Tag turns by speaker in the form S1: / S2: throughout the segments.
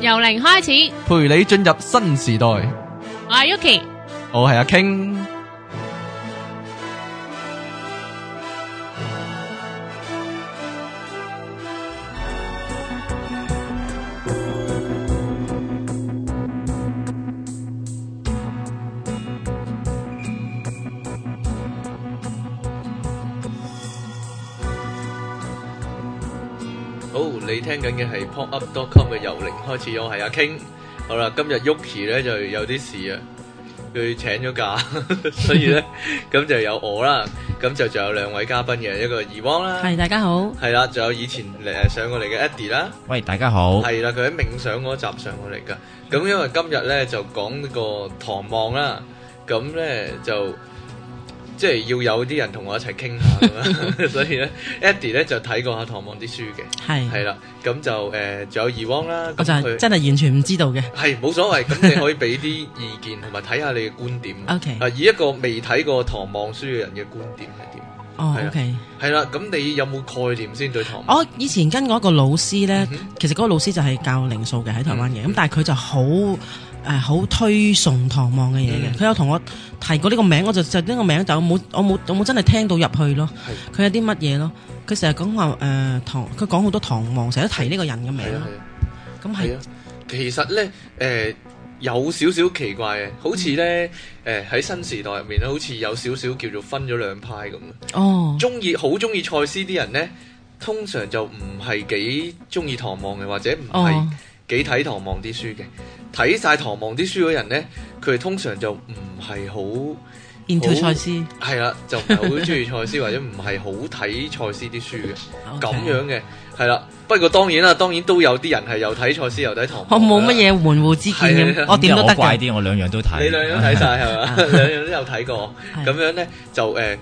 S1: 由零開始，
S2: 陪你進入新時代。
S1: 我係 Yuki，
S2: 我係阿 King。緊嘅係 popup.com 嘅由零開始，我係阿 King。好啦，今日 Yuki 咧就有啲事啊，佢請咗假， 所以咧呢咁 就有我啦，咁就仲有兩位嘉賓嘅，一個 Ewan 啦，係大家好，係啦，仲有以前誒上過嚟嘅 Eddie 啦，
S3: 喂大家好，係
S2: 啦，佢喺冥想嗰集上過嚟噶，咁因為今日咧就講呢個唐望啦，咁咧就。即係要有啲人同我一齊傾下，所以咧，Eddie 咧就睇過下唐望啲書嘅，係，係啦，咁就誒，仲有 Ewan 啦，咁就真
S1: 係完全唔知道嘅，
S2: 係冇所謂，咁你可以俾啲意見同埋睇下你嘅觀點，O K，以一個未睇過唐望書嘅人嘅觀點係點？哦，O K，係啦，咁你有冇概念先對唐望？我
S1: 以前跟過一個老師咧，其實嗰個老師就係教零數嘅喺台灣嘅，咁但係佢就好。誒，好、呃、推崇唐望嘅嘢嘅，佢、嗯、有同我提過呢個名，我就就呢個名就我冇我冇我冇真係聽到入去咯。佢的有啲乜嘢咯？佢成日講話誒唐，佢講好多唐望，成日都提呢個人嘅名。
S2: 咁係是其實咧誒、呃、有少少奇怪嘅，好似咧誒喺新時代入面咧，好似有少少叫做分咗兩派咁啊。哦，中意好中意賽斯啲人咧，通常就唔係幾中意唐望嘅，或者唔係。幾睇唐望啲書嘅，睇晒唐望啲書嗰人咧，佢通常就唔係好，言調賽斯係啦，就唔係好中意賽斯，或者唔係好睇賽斯啲書嘅，咁樣嘅係啦。不過當然啦，當然都有啲人係又睇賽斯又睇唐望。我冇乜嘢門戶之見我點都得嘅。我怪啲，我
S3: 兩樣都睇。
S1: 你
S2: 兩樣睇晒係嘛？兩樣都有睇過，咁樣咧就誒，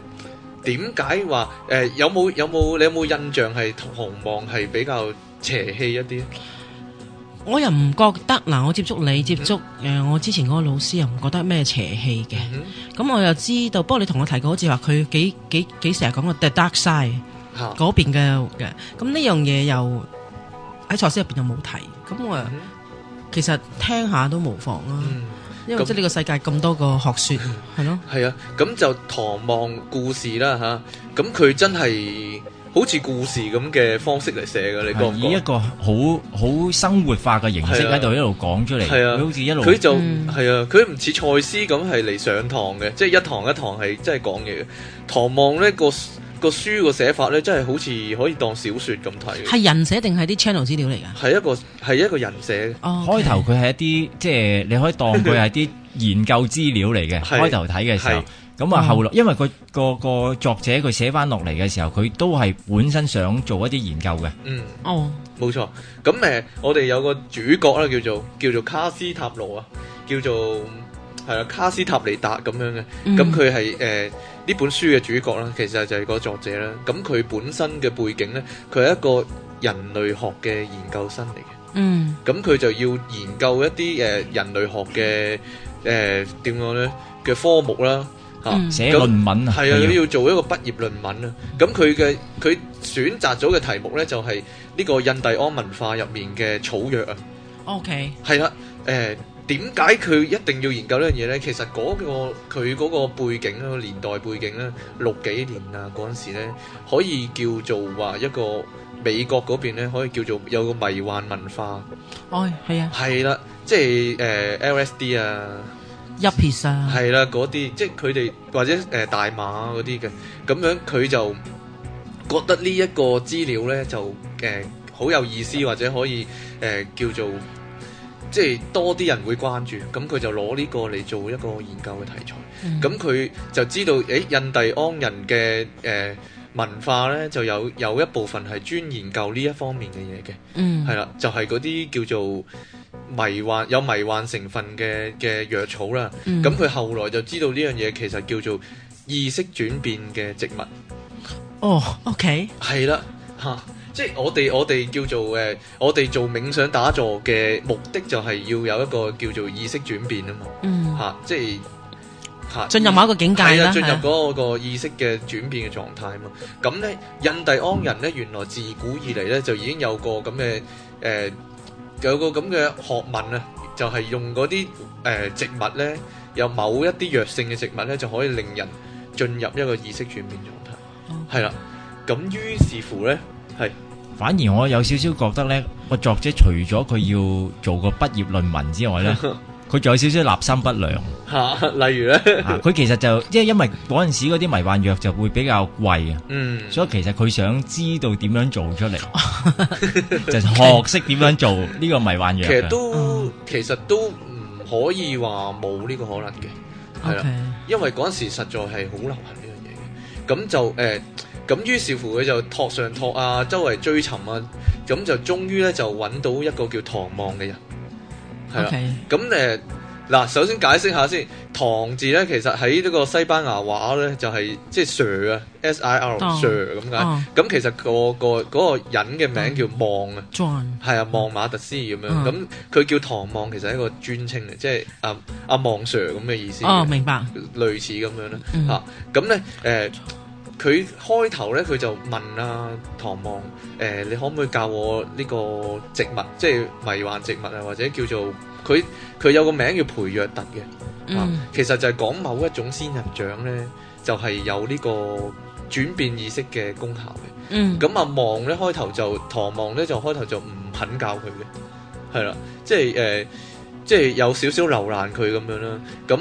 S2: 點解話誒有冇有冇你有冇印象係唐望係比較邪氣一啲？
S1: 我又唔覺得嗱，我接觸你接觸誒，我之前嗰個老師又唔覺得咩邪氣嘅。咁我又知道，不過你同我提過，好似話佢幾幾幾成日講個 Dark Side 嗰邊嘅嘅。咁呢樣嘢又喺賽斯入邊又冇提。咁我其實聽下都無妨啦，因為即係呢個世界咁多
S3: 個學説，係咯。
S2: 係啊，咁就唐望故事啦嚇，咁佢真係。好似故事咁嘅方式嚟寫嘅，你講以
S3: 一個好好生活化嘅形式喺度一路講出嚟，係啊，佢好似一路佢就
S2: 係、嗯、啊，佢唔似賽斯咁係嚟上堂嘅，即係一堂一堂係真係講嘢。唐望呢個個書個寫法咧，真係好似可以當小說咁睇。係
S1: 人寫定係啲 channel 資料嚟噶？
S2: 係一個係一個人寫嘅。哦，Okay.
S3: 開頭佢係一啲即係你可以當佢係啲研究資料嚟嘅。 是開頭睇嘅時候。咁啊，嗯、後來因為個個個作者佢寫翻落嚟嘅時候，佢都係本身想做一啲研究
S2: 嘅。嗯，哦，冇錯。咁誒，我哋有個主角啦，叫做叫做卡斯塔羅啊，叫做係啦卡斯塔尼達咁樣嘅。咁佢係誒呢本書嘅主角啦，其實就係個作者啦。咁佢本身嘅背景咧，佢係一個人類學嘅研究生嚟嘅。嗯。咁佢就要研究一啲誒人類學嘅誒點樣咧嘅科目啦。寫論文啊，係啊，佢要做一個畢業論文啊。咁佢嘅佢選擇咗嘅題目呢，就係呢個印第安文化入面嘅草藥啊。OK。係啦，誒，點解佢一定要研究呢樣嘢呢？其實嗰個佢嗰個背景啊，年代背景呢，六幾年啊，嗰陣時呢，可以叫做話一個美國嗰邊呢，可以叫做有個迷幻文化。
S1: 哦，係啊。
S2: 係啦，即係誒 LSD 啊。一撇上係啦，嗰啲 Yep 即係佢哋或者誒、呃、大碼嗰啲嘅，咁樣，佢就覺得呢一個資料呢，就誒好、呃、有意思，或者可以誒、呃、叫做即係多啲人會關注。咁佢就攞呢個嚟做一個研究嘅題材。咁佢、mm hmm. 就知道誒印第安人嘅誒。呃文化咧就有有一部分係專研究呢一方面嘅嘢嘅，係啦、嗯，就係嗰啲叫做迷幻有迷幻成分嘅嘅藥草啦。咁佢、嗯、後來就知道呢樣嘢其實叫做意識轉變嘅植物。哦、oh，OK，係啦，嚇，即係我哋我哋叫做誒、呃，我哋做冥想打坐嘅目的就係要有一個叫做意識轉變啊嘛，嚇、嗯，即係。進入某一個境界啦，進入嗰個意識嘅轉變嘅狀態啊嘛。咁咧，印第安人咧，原來自古以嚟咧就已經有個咁嘅誒，有個咁嘅學問啊，就係用嗰啲誒植物咧，有某一啲藥性嘅植物咧，就可以令人進入一個意識轉變狀態。係啦，咁於是乎咧，係
S3: 反而我有少少覺得咧，個作者除咗佢要做個畢業論文之外咧。佢仲有少少立心不良
S2: 嚇、啊，例如咧，佢
S3: 其實就即係因為嗰陣時嗰啲迷幻藥就會比較貴嘅，嗯，所以其實佢想知道點樣做出嚟， 就學識點樣做呢個迷幻藥。其實都、嗯、
S2: 其實都唔可以話冇呢個可能嘅，係啦 Okay.，因為嗰陣時實在係好流行呢樣嘢嘅，咁就誒，咁、呃、於是乎佢就托上託啊，周圍追尋啊，咁就終於咧就揾到一個叫唐望嘅人。係啦，咁誒，嗱 Okay.、嗯，首先解釋下先，唐字咧，其實喺呢個西班牙話咧，就係即係 Sir 啊，S I R Sir 咁解，咁、嗯、其實、個個嗰、嗰個人嘅名叫望啊 j 係啊，望 John. 馬特斯咁、oh. 樣，咁、嗯、佢叫唐望，其實係一個尊稱嘅，即係阿阿望 Sir 咁嘅意思，哦，oh, 明白，類似咁樣啦，吓，咁咧，誒。佢開頭咧，佢就問啊唐望誒、呃，你可唔可以教我呢個植物，即係迷幻植物啊，或者叫做佢佢有個名叫培若特嘅，啊、嗯，其實就係講某一種仙人掌咧，就係、是、有呢個轉變意識嘅功效嘅。嗯，咁啊望咧開頭就唐望咧就開頭就唔肯教佢嘅，係啦，即係誒、呃，即係有少少留難佢咁樣啦，咁。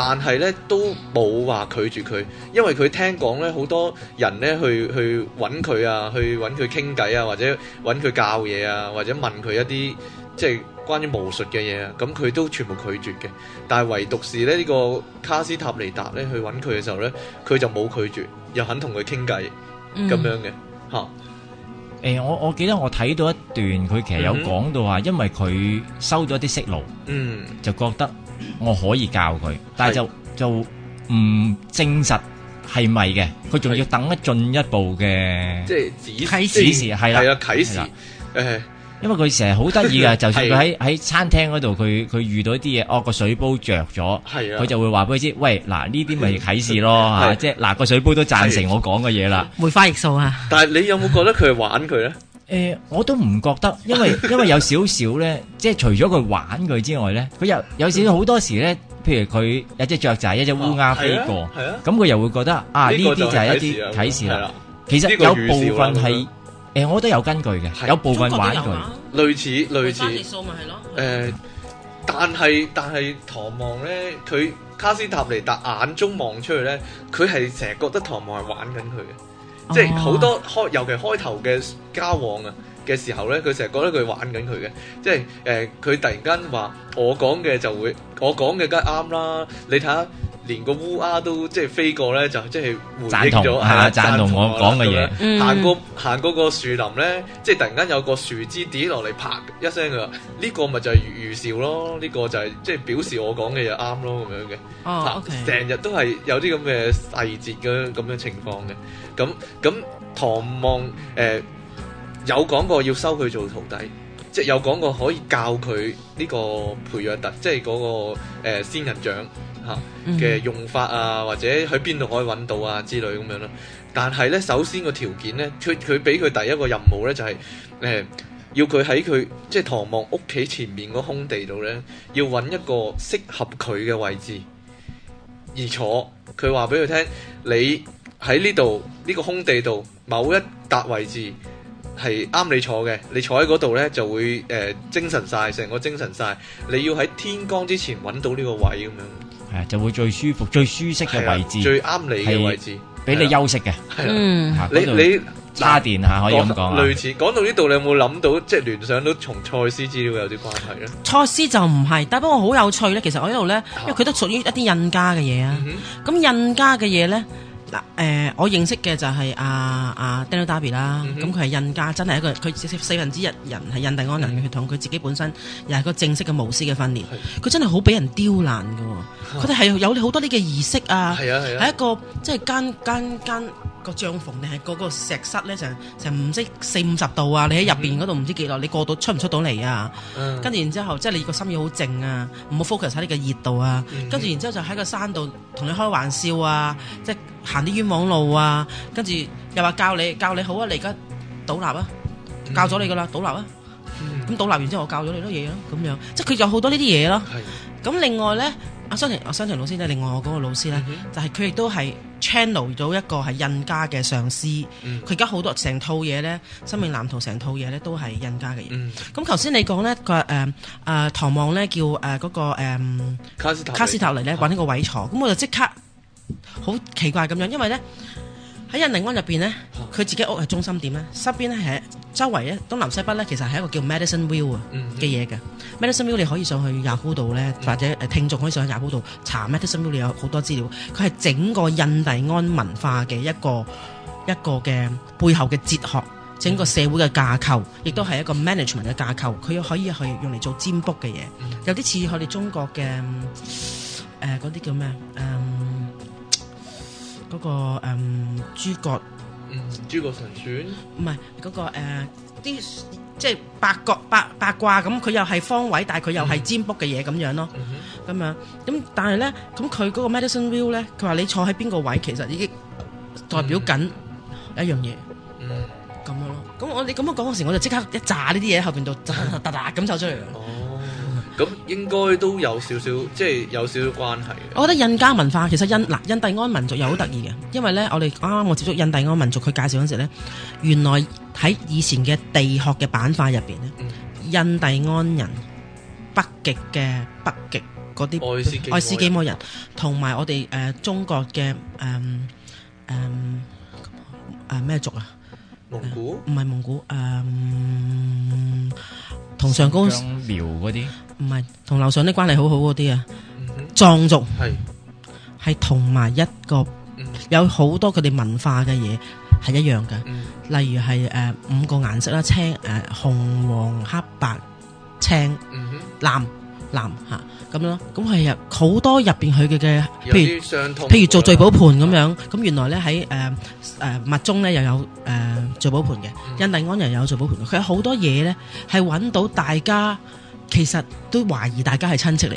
S2: 但係咧都冇話拒絕佢，因為佢聽講咧，好多人咧去去揾佢啊，去揾佢傾偈啊，或者揾佢教嘢啊，或者問佢一啲即係關於巫術嘅嘢啊，咁佢都全部拒絕嘅。但係唯獨是咧呢，這個卡斯塔尼達咧去揾佢嘅時候咧，佢就冇拒絕，又肯同佢傾偈咁樣嘅吓。
S3: 誒、欸，我我記得我睇到一段，佢其實有講到話，因為佢收咗啲息奴，嗯，就覺得。我可以教佢，但係就是就唔證實係咪嘅，佢仲要等一進一步嘅，即係啟啟示係啦，啟示，誒，因為佢成日好得意嘅，就算佢喺喺餐廳嗰度，佢佢遇到啲嘢，哦個水煲着咗，佢的就會話俾佢知，喂，嗱呢啲咪啟示咯吓，即係嗱個水杯都贊成我講嘅嘢啦，梅
S2: 花易數啊， 但係你有冇覺得佢玩佢咧？
S3: 誒、呃，我都唔覺得，因為因為有少少咧， 即係除咗佢玩佢之外咧，佢又有少少好多時咧，譬如佢有隻雀仔、一隻烏鴉飛過，咁佢、啊啊啊、又會覺得啊，呢啲就係一啲啟示啦。啊
S2: 啊、其實有部分係
S3: 誒、欸，我都有根據嘅，啊、有部分玩類似、
S2: 啊、類似。數係咯？誒、 呃，但係但係，唐望咧，佢卡斯塔尼達眼中望出去咧，佢係成日覺得唐望係玩緊佢嘅。即係好多開，oh. 尤其開頭嘅交往啊嘅時候咧，佢成日覺得佢玩緊佢嘅，即係誒佢突然間話我講嘅就會我講嘅梗係啱啦。你睇下，連個烏鴉都即係飛過咧，就即係回應咗，係同啊贊同我講嘅嘢。行、嗯、過行過個樹林咧，即係突然間有個樹枝跌落嚟，啪一聲佢話：呢、這個咪就係預兆咯，呢、這個就係、是、即係表示我講嘅嘢啱咯咁樣嘅。成、哦 okay. 日都係有啲咁嘅細節嘅咁嘅情況嘅。咁咁唐望誒。呃嗯有講過要收佢做徒弟，即係有講過可以教佢呢個培育特，即係嗰、那個、呃、仙人掌嚇嘅用法啊，或者喺邊度可以揾到啊之類咁樣咯。但係呢，首先個條件呢，佢佢俾佢第一個任務呢，就係、是、誒、呃、要佢喺佢即係唐望屋企前面個空地度呢，要揾一個適合佢嘅位置而坐。佢話俾佢聽，你喺呢度呢個空地度某一笪位置。係啱你坐嘅，你坐喺嗰度咧就會誒、呃、精神晒，成個精神晒。你要喺天光之前揾到呢個位咁樣，
S4: 係、啊、
S3: 就會最舒服、最舒適嘅位置，啊、最啱你嘅位置，俾、啊啊、你休息嘅。係啦，你
S2: 你叉電下說可以咁講啊。類似講到呢度，你有冇諗到即係聯想到從、就是、賽斯資料有啲關係咧？
S1: 賽斯就唔係，但不過好有趣咧。其實我呢度咧，因為佢都屬於一啲印加、嗯、哼家嘅嘢啊。咁印加嘅嘢咧。嗱，誒、呃，我認識嘅就係阿阿 Daniel Darby 啦、嗯哼，咁佢係印加，真係一個佢四分之一人係印第安人嘅血統，佢、嗯、自己本身又係個正式嘅巫師嘅訓練，佢是真係好俾人刁難嘅，佢哋係有好多啲嘅儀式啊，係、啊啊啊、一個即係間間間。間間個帳篷定係嗰個石室咧，成成唔識四五十度啊！你喺入邊嗰度唔知幾耐，你過到出唔出到嚟啊？跟住然之後，即係你個心意好靜啊，唔好 focus 喺呢個熱度啊。跟住然之後就喺個山度同你開玩笑啊，即係行啲冤枉路啊。跟住又話教你教你好啊，你而家倒立啊，教咗你噶啦倒立啊。咁倒立完之後，我教咗你多嘢咯，咁樣即係佢有好多呢啲嘢咯。咁另外咧。阿、啊、雙條，阿雙條老師咧，另外我嗰個老師咧，嗯、哼就係佢亦都係 channel 到一個係印加嘅上司，佢而家好多成套嘢咧，生命藍圖成套嘢咧都係印加嘅嘢。咁頭先你講咧、呃呃呃嗰個誒誒唐望咧叫誒嗰個卡斯塔卡斯達尼咧搵呢一個位坐，咁、啊、我就即刻好奇怪咁樣，因為咧喺印尼安入邊咧，佢自己屋係中心點咧，身邊咧係。周圍咧，東南西北咧，其實係一個叫 Medicine Wheel、mm hmm. Medicine Wheel 嘅嘢嘅。Medicine Wheel 你可以上去 Yahoo 度咧，mm hmm. 或者誒聽眾可以上去 Yahoo 度查 Medicine Wheel，你有好多資料。佢係整個印第安文化嘅一個一個嘅背後嘅哲學，整個社會嘅架構，亦都係一個 management 嘅架構。佢又可以去用嚟做占卜嘅嘢，有啲似我哋中國嘅誒嗰啲叫咩？嗯，嗰、嗰個諸葛。嗯
S2: 嗯，諸葛神算唔係
S1: 嗰個誒，啲即係八角八八卦咁，佢又係方位，但係佢又係占卜嘅嘢咁樣咯，咁樣咁但係咧，咁佢嗰個 medicine wheel 咧，佢話你坐喺邊個位，其實已經代表緊一樣嘢，咁樣咯。咁我哋咁樣講嗰時，我就即刻一炸呢啲嘢喺後邊度，噠噠咁走出嚟。
S2: 咁應該都有少少，即係有少少關係。我覺得
S1: 印加文化其實，印、嗱、印第安民族又好得意嘅，因為咧我哋啱啱，我接觸印第安民族，佢介紹嗰陣時咧，原來喺以前嘅地殼嘅板塊入邊咧，印第安人、北極嘅、北極嗰啲愛斯基摩人，同埋我哋誒、呃、中國嘅誒誒誒咩族啊？蒙古？唔係蒙古，誒、呃，同上高苗嗰啲，唔係同樓上啲關係好好嗰啲啊，嗯、哼藏族係係是同埋一個、嗯、有好多佢哋文化嘅嘢係一樣嘅，嗯、例如係誒、呃、五個顏色啦，青誒、呃、紅黃黑白青、嗯、哼藍。南吓，咁咯，咁係入好多入邊佢嘅，譬如譬如做聚寶盤咁樣，咁、嗯、原來咧喺誒誒物中咧又有誒聚寶盤嘅，印第安人又有聚寶盤，佢有好多嘢咧係揾到大家，其實都懷疑大家係親戚嚟嘅，咁、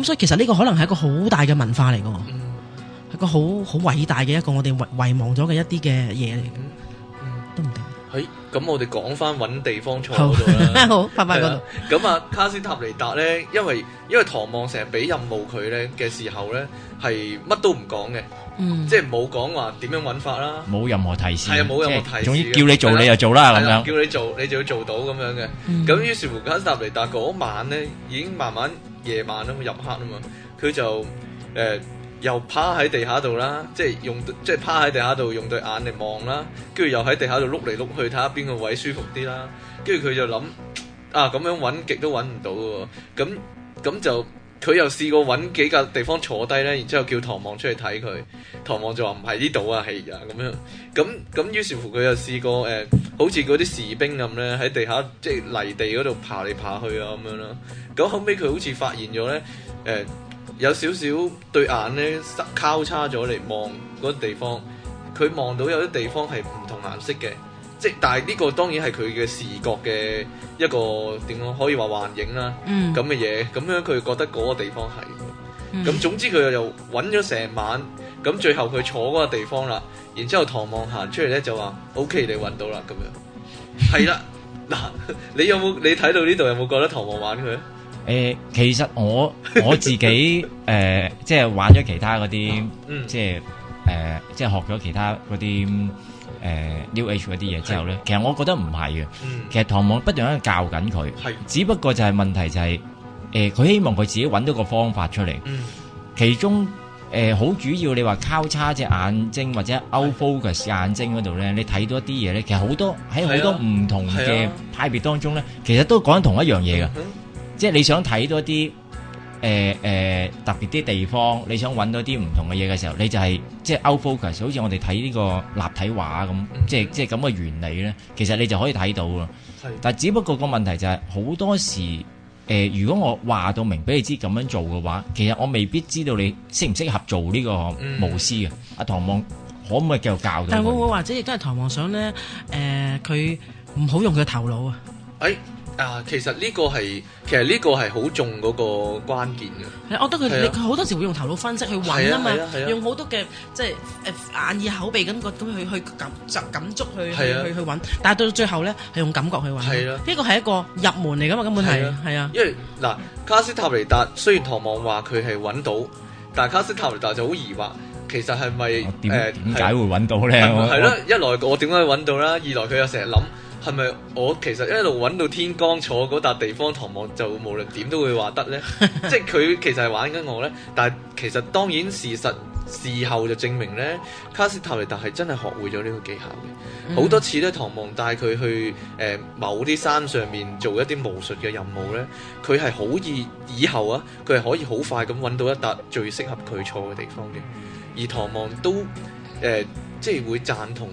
S1: 嗯、所以其實呢個可能係一個好大嘅文化嚟嘅，係、嗯、個好好偉大嘅一個我哋遺遺忘咗嘅一啲嘅嘢嚟嘅。
S2: 都唔定。嘿，咁我哋講翻揾地方坐嗰度啦。好，拜拜啦。咁啊，卡斯塔尼達咧，因為因為唐望成日俾任務佢咧嘅時候咧，係乜都唔講嘅，即係冇講話點樣揾法啦，冇
S3: 任何提示，係啊，冇任何提示。總之叫你做你就做啦咁樣，
S2: 叫你做你就要做到咁樣嘅。咁於是乎卡斯塔尼達嗰晚咧，已經慢慢夜晚啊嘛，入黑啊嘛，佢就誒。又趴喺地下度啦，即係用即係趴喺地下度用對眼嚟望啦，跟住又喺地下度碌嚟碌去睇下邊個位舒服啲啦，跟住佢就諗啊咁樣揾極都揾唔到喎，咁咁就佢又試過揾幾個地方坐低咧，然之後叫唐望出去睇佢，唐望就話唔係呢度啊，係啊咁樣，咁咁於是乎佢又試過誒、呃，好似嗰啲士兵咁咧喺地下即係泥地嗰度爬嚟爬去啊咁樣啦，咁後尾，佢好似發現咗咧，誒、呃。有少少對眼咧，交叉咗嚟望嗰地方，佢望到有啲地方係唔同顏色嘅，即係但係呢個當然係佢嘅視覺嘅一個點樣，可以話幻影啦，咁嘅嘢，咁樣佢覺得嗰個地方係，
S4: 咁、嗯、總
S2: 之佢又揾咗成晚，咁最後佢坐嗰個地方啦，然之後唐望行出嚟咧就話：O K，你揾到啦咁樣，係 啦，嗱，你有冇你睇到呢度有冇覺得唐望玩佢？
S3: 誒、呃，其實我我自己誒、呃，即係玩咗其他嗰啲、 呃，即係誒，即係學咗其他嗰啲誒 new age 嗰啲嘢之後咧，是的 其實我覺得唔係嘅。嗯、其實唐望不斷喺度教緊佢，是的 只不過就係問題就係、是、誒，佢、呃、希望佢自己揾到個方法出嚟。嗯、其中誒好、呃、主要，你話交叉隻眼睛或者 out focus 眼睛嗰度咧，你睇到一啲嘢咧，其實好多喺好多唔同嘅派別當中咧，其實都講緊同一樣嘢嘅。即係你想睇多啲，誒、呃、誒、呃、特別啲地方，你想揾到啲唔同嘅嘢嘅時候，你就係、是、即係 out focus，好似我哋睇呢個立體畫咁、嗯，即係即係咁嘅原理咧。其實你就可以睇到啊，嗯、但係只不過個問題就係、是、好多時，誒、呃、如果我話到明，俾、呃、你知咁樣做嘅話，其實我未必知道你適唔適合做呢個巫師嘅。阿、嗯啊、唐望可唔可以繼續教？但會唔
S1: 會或者亦都係唐望想咧？誒、呃，佢唔好用佢頭腦啊！
S2: 哎。啊，其實呢個係其實呢個係好重嗰個關鍵嘅。係，我覺得佢佢
S1: 好多時會用頭腦分析去揾啊嘛，用好多嘅即係誒眼耳口鼻咁個咁去去感感觸去去去揾，但係到最後咧係用感覺去揾。係咯，呢個係一個入門嚟噶嘛，
S2: 根本係。係啊，因為嗱，卡斯塔尼達雖然唐望話佢係揾到，但係卡斯塔尼達就好疑惑，其實係咪誒點解
S3: 會揾到咧？係咯，
S2: 一來我點解揾到啦？二來佢又成日諗。係咪我其實一路揾到天光坐嗰笪地方，唐望就無論點都會話得呢。 即係佢其實係玩緊我呢。但係其實當然事實事後就證明呢，卡斯塔尼達係真係學會咗呢個技巧嘅。好、mm hmm. 多次咧，唐望帶佢去誒、呃、某啲山上面做一啲巫術嘅任務呢，佢係好易，以後啊，佢係可以好快咁揾到一笪最適合佢坐嘅地方嘅。而唐望都誒、呃、即係會贊同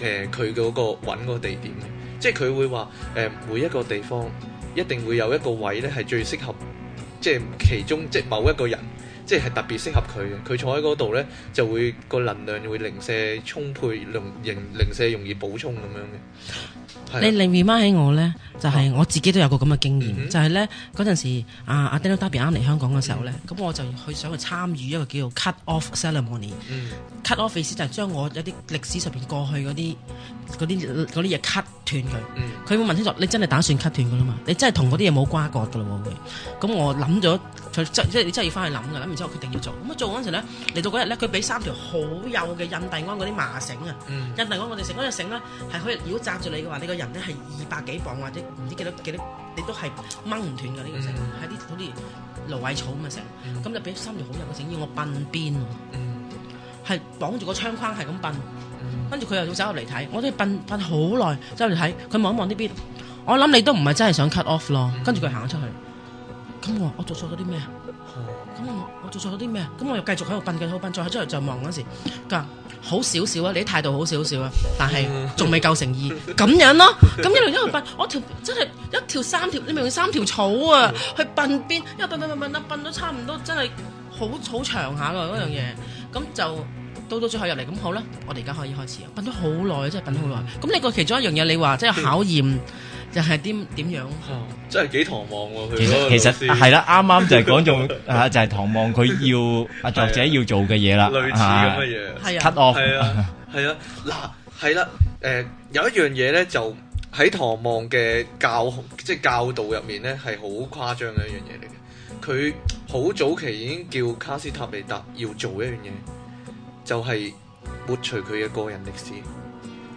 S2: 誒佢嗰個揾嗰個地點。即係佢會話誒、呃、每一個地方一定會有一個位咧係最適合，即、就、係、是、其中即係、就是、某一個人，即係係特別適合佢嘅。佢坐喺嗰度咧就會、這個能量會零舍充沛，容零零舍容易補充咁樣嘅。你令
S1: 唔啱喺我咧，就係、是、我自己都有個咁嘅經驗，嗯、就係咧陣時時，阿阿 Daniel 啱嚟香港嘅時候咧，咁、嗯、我就去想去參與一個叫做 Cut Off Ceremony、嗯、Cut Off Ceremony，Cut Off 意思就係將我有啲歷史上邊過去啲啲啲嘢 cut 斷佢。佢會、嗯、問清楚，你真係打算 cut 斷㗎啦嘛？你真係同啲嘢冇瓜葛㗎啦，會唔會咁我諗咗，即係你真係要翻去諗嘅，諗完之後決定要做。咁啊做陣時咧，嚟到嗰日咧，佢俾三條好幼嘅印第安嗰啲麻繩啊，嗯、印第安我哋成嗰隻繩咧係可以繞紮住你嘅話你個人咧係二百幾磅或者唔知幾多幾多，你都係掹唔斷㗎呢、嗯、樣嘢，喺啲好似蘆葦草咁啊成，咁就俾三條好入嘅繩要我揼邊，係、嗯、綁住個窗框係咁揼，跟住佢又走入嚟睇，我都係揼揼好耐，走入嚟睇，佢望一望呢邊，我諗你都唔係真係想 cut off 咯，跟住佢行咗出去，咁、嗯、我我做錯咗啲咩啊？咁我我做錯咗啲咩？咁我又繼續喺度揼嘅，好揼再喺出嚟再望嗰時，佢話好少少啊，你啲態度好少少啊，但係仲未夠誠意，咁樣咯，咁一路一路笨，我條真係一條三條，你咪用三條草啊去笨邊，一路笨笨笨笨啊，笨到差唔多真係好好長下噶嗰樣嘢，咁就。到到最後入嚟咁好啦，我哋而家可以開始啊！等咗好耐，真係等咗好耐。咁你個其中一樣嘢，你話即係考驗，就係啲點樣？
S2: 哦，真係幾唐望喎？其實其實係啦，啱啱就係
S3: 講中啊，就係唐望佢要啊作者要做嘅嘢啦，類似咁嘅嘢。cut off
S2: 係啊，嗱係啦，誒有一樣嘢咧，就喺唐望嘅教即係教導入面咧，係好誇張嘅一樣嘢嚟嘅。佢好早期已經叫卡斯塔尼達要做一樣嘢。就係抹除佢嘅個人歷史，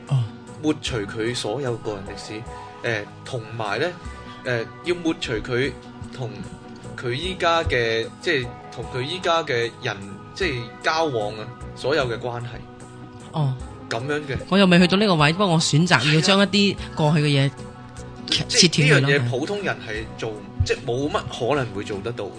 S2: 哦，oh. 抹除佢所有個人歷史，誒、呃，同埋咧，誒、呃，要抹除佢同佢依家嘅，即係同佢依家嘅人，即係交往啊，所有嘅關係，哦、oh.，咁樣嘅，我又未去
S1: 到呢個位，不過我選擇要將一啲過去嘅嘢的切斷咯。呢樣嘢，普
S2: 通人係做，的即係冇乜可能會做得到嘅。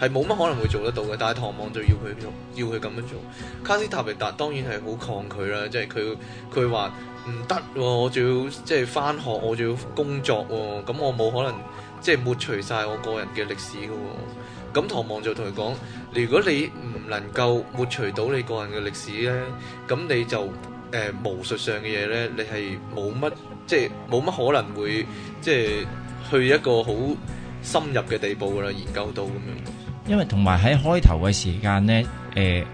S2: 係冇乜可能會做得到嘅，但係唐望就要佢要佢咁樣做。卡斯塔皮達當然係好抗拒啦，即係佢佢話唔得喎，我仲要即係返學，我仲要工作喎、哦，咁我冇可能即係抹除晒我個人嘅歷史嘅喎、哦。咁唐望就同佢講：如果你唔能夠抹除到你個人嘅歷史咧，咁你就誒巫、呃、術上嘅嘢咧，你係冇乜即係冇乜可能會即係去一個好深入嘅地步噶啦，研究到咁樣。
S3: 因為同埋喺開頭嘅時間呢，誒，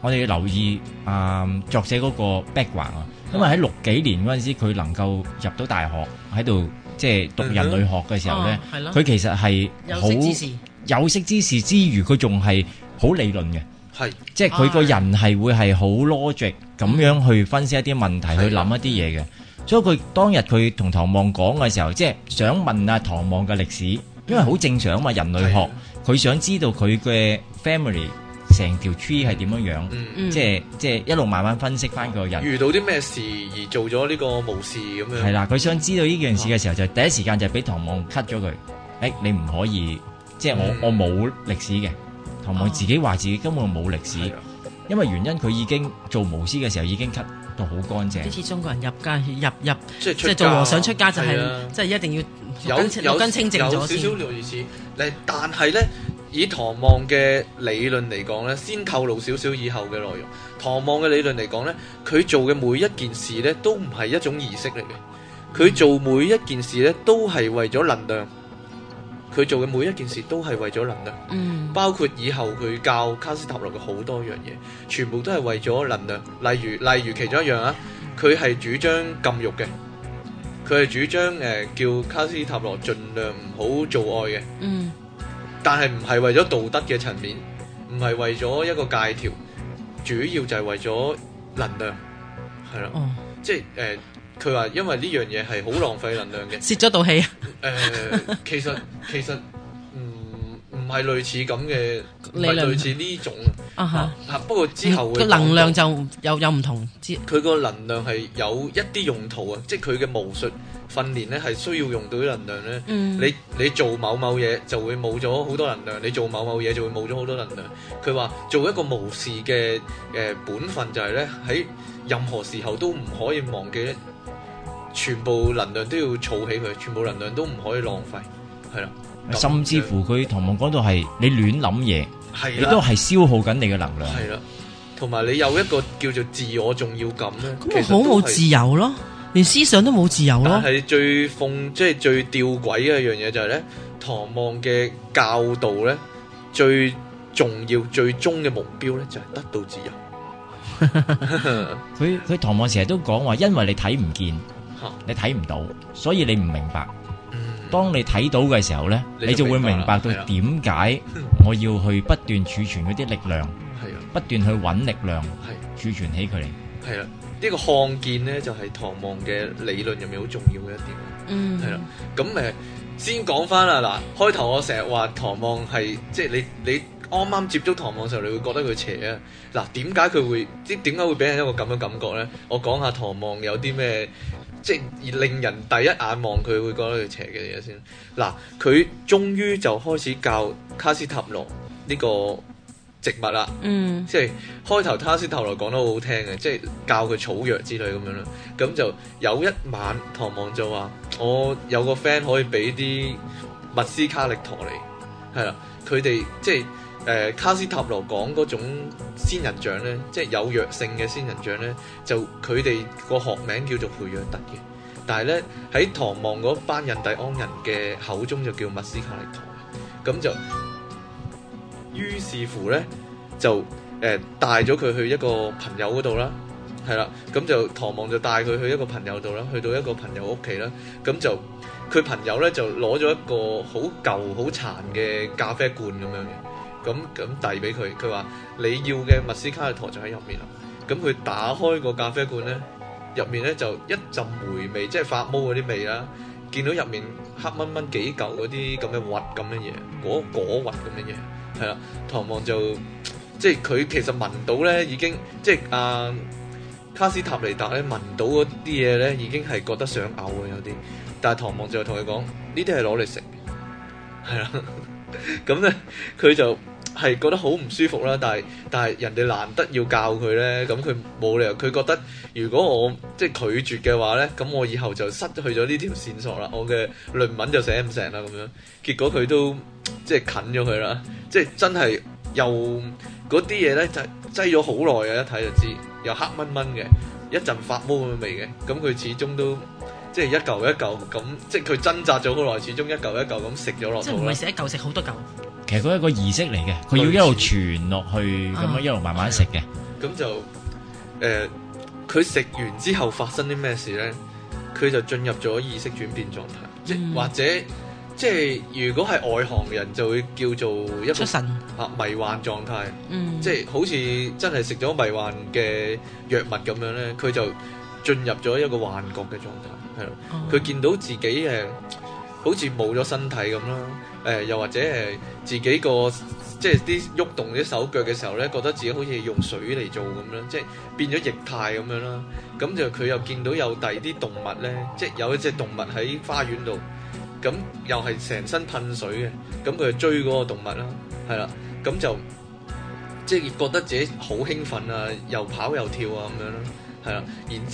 S3: 我哋要留意啊，作者嗰個 background 啊，因為喺六幾年嗰陣時，佢能夠入到大學喺度即係讀人類學嘅時候呢，佢其實係好有識之士，有識之士之餘，佢仲係好理論嘅，
S4: 係，即係佢個
S3: 人係會係好 logic 咁樣去分析一啲問題，去諗一啲嘢嘅。所以佢當日佢同唐望講嘅時候，即係想問啊，唐望嘅歷史，因為好正常啊嘛，人類學。佢想知道佢嘅 family 成條 tree 係點樣樣，即係即係一路慢慢分析翻個人，遇
S2: 到啲咩事而做咗呢個巫師？咁樣？係啦，
S3: 佢想知道呢件事嘅時候，就第一時間就俾唐望 cut 咗佢。誒，你唔可以，即係我我冇歷史嘅。唐望自己話自己根本冇歷史，因為原因佢已經做巫師嘅時候已經 cut 到好乾淨。好似
S1: 中國人入家入入即係即係做和尚出家，就係即係一定要有有根清淨咗先。
S2: 但係咧，以唐望嘅理論嚟講咧，先透露少少以後嘅內容。唐望嘅理論嚟講咧，佢做嘅每一件事咧，都唔係一種儀式嚟嘅，佢做每一件事咧，都係為咗能量。佢做嘅每一件事都係為咗能量，嗯，包括以後佢教卡斯塔羅嘅好多樣嘢，全部都係為咗能量。例如，例如其中一樣啊，佢係主張禁慾嘅。佢係主張誒、呃、叫卡斯塔羅盡量唔好做愛嘅，嗯、但係唔係為咗道德嘅層面，唔係為咗一個戒條，主要就係為咗能量，係啦，即係誒，佢話、呃、因為呢樣嘢係好浪費能量嘅，泄咗 道氣啊，誒、呃，其實其實。 唔係類似咁嘅，唔係類似呢種啊吓哈。不過之後佢個能量
S1: 就有有唔同。
S2: 佢個能量係有一啲用途啊，即係佢嘅巫術訓練咧，係需要用到啲能量咧。嗯、你你做某某嘢就會冇咗好多能量，你做某某嘢就會冇咗好多能量。佢話做一個武士嘅誒本分就係咧，喺任何時候都唔可以忘記全部能量都要儲起佢，全部能量都唔可以浪費，係啦。甚
S3: 至乎佢唐望講到係，你亂諗嘢，你、啊、都係消耗緊你嘅
S2: 能量。係啦、啊，同埋你有一個叫做自我重要感咧，咁咪好冇自由
S1: 咯，連思想都冇自由咯。但
S2: 係最奉即係最吊詭嘅一樣嘢就係、是、咧，唐望嘅教導咧，最重要最終嘅目標咧就係、是、得到自由。
S3: 佢 佢 唐望成日都講話，因為你睇唔見，你睇唔到，所以你唔明白。當你睇到嘅時候咧，你就,你就會明白到點解我要去不斷儲存嗰啲力量， 不斷去揾力量，儲 存起佢哋。
S2: 係啦，呢、呢個看見咧就係唐望嘅理論入面好重要嘅一點。嗯，係啦。咁誒，先講翻啦。嗱，開頭我成日話唐望係，即、就、係、是、你你啱啱接觸唐望時候，你會覺得佢邪啊。嗱，點解佢會？即點解會俾人一個咁嘅感覺咧？我講下唐望有啲咩？即係令人第一眼望佢會覺得佢邪嘅嘢先。嗱，佢終於就開始教卡斯塔洛呢個植物啦。嗯，即係開頭卡斯塔洛講得好好聽嘅，即係教佢草藥之類咁樣啦。咁就有一晚，唐望就話：我有個 friend 可以俾啲密斯卡力陀嚟，係啦，佢哋即係。誒、呃、卡斯塔羅講嗰種仙人掌咧，即係有藥性嘅仙人掌咧，就佢哋個學名叫做培若特嘅，但係咧喺唐望嗰班印第安人嘅口中就叫密斯卡力圖，咁就於是乎咧就誒、呃、帶咗佢去一個朋友嗰度啦，係啦，咁就唐望就帶佢去一個朋友度啦，去到一個朋友屋企啦，咁就佢朋友咧就攞咗一個好舊好殘嘅咖啡罐咁樣嘅。咁咁遞俾佢，佢話你要嘅密斯卡嘅糖就喺入面啦。咁佢打開個咖啡罐咧，入面咧就一陣霉味，即係發毛嗰啲味啦。見到入面黑蚊蚊幾嚿嗰啲咁嘅核咁嘅嘢，果果核咁嘅嘢，係啦。唐望就即係佢其實聞到咧，已經即係阿卡斯塔尼達咧聞到嗰啲嘢咧，已經係覺得想嘔啊有啲。但係唐望就同佢講，呢啲係攞嚟食嘅，係啦。咁咧佢就。係覺得好唔舒服啦，但係但係人哋難得要教佢咧，咁佢冇理由，佢覺得如果我即係拒絕嘅話咧，咁我以後就失去咗呢條線索啦，我嘅論文就寫唔成啦咁樣。結果佢都即係啃咗佢啦，即係真係又嗰啲嘢咧就擠咗好耐啊，一睇就知又黑掹掹嘅，一陣發毛咁嘅味嘅，咁佢始終都即係一嚿一嚿咁，即係佢掙扎咗好耐，始終一嚿一嚿咁食咗落。即係唔係食一嚿食好多嚿？
S3: 其實佢係一個儀式嚟嘅，佢似要一路傳落去，咁、嗯、樣一路慢慢食嘅。
S2: 咁就，誒、呃，佢食完之後發生啲咩事咧？佢就進入咗意識轉變狀態，即、嗯、或者，即係如果係外行人就會叫做一個出神吓迷幻狀態，即係、嗯、好似真係食咗迷幻嘅藥物咁樣咧，佢就進入咗一個幻覺嘅狀態，係咯，佢、嗯、見到自己誒。好似冇咗身體咁啦，誒、呃、又或者係自己個即係啲喐動啲手腳嘅時候咧，覺得自己好似用水嚟做咁樣，即係變咗液態咁樣啦。咁就佢又見到有第二啲動物咧，即係有一隻動物喺花園度，咁又係成身噴水嘅，咁佢就追嗰個動物啦，係啦，咁就即係覺得自己好興奮啊，又跑又跳啊咁樣啦，係啦，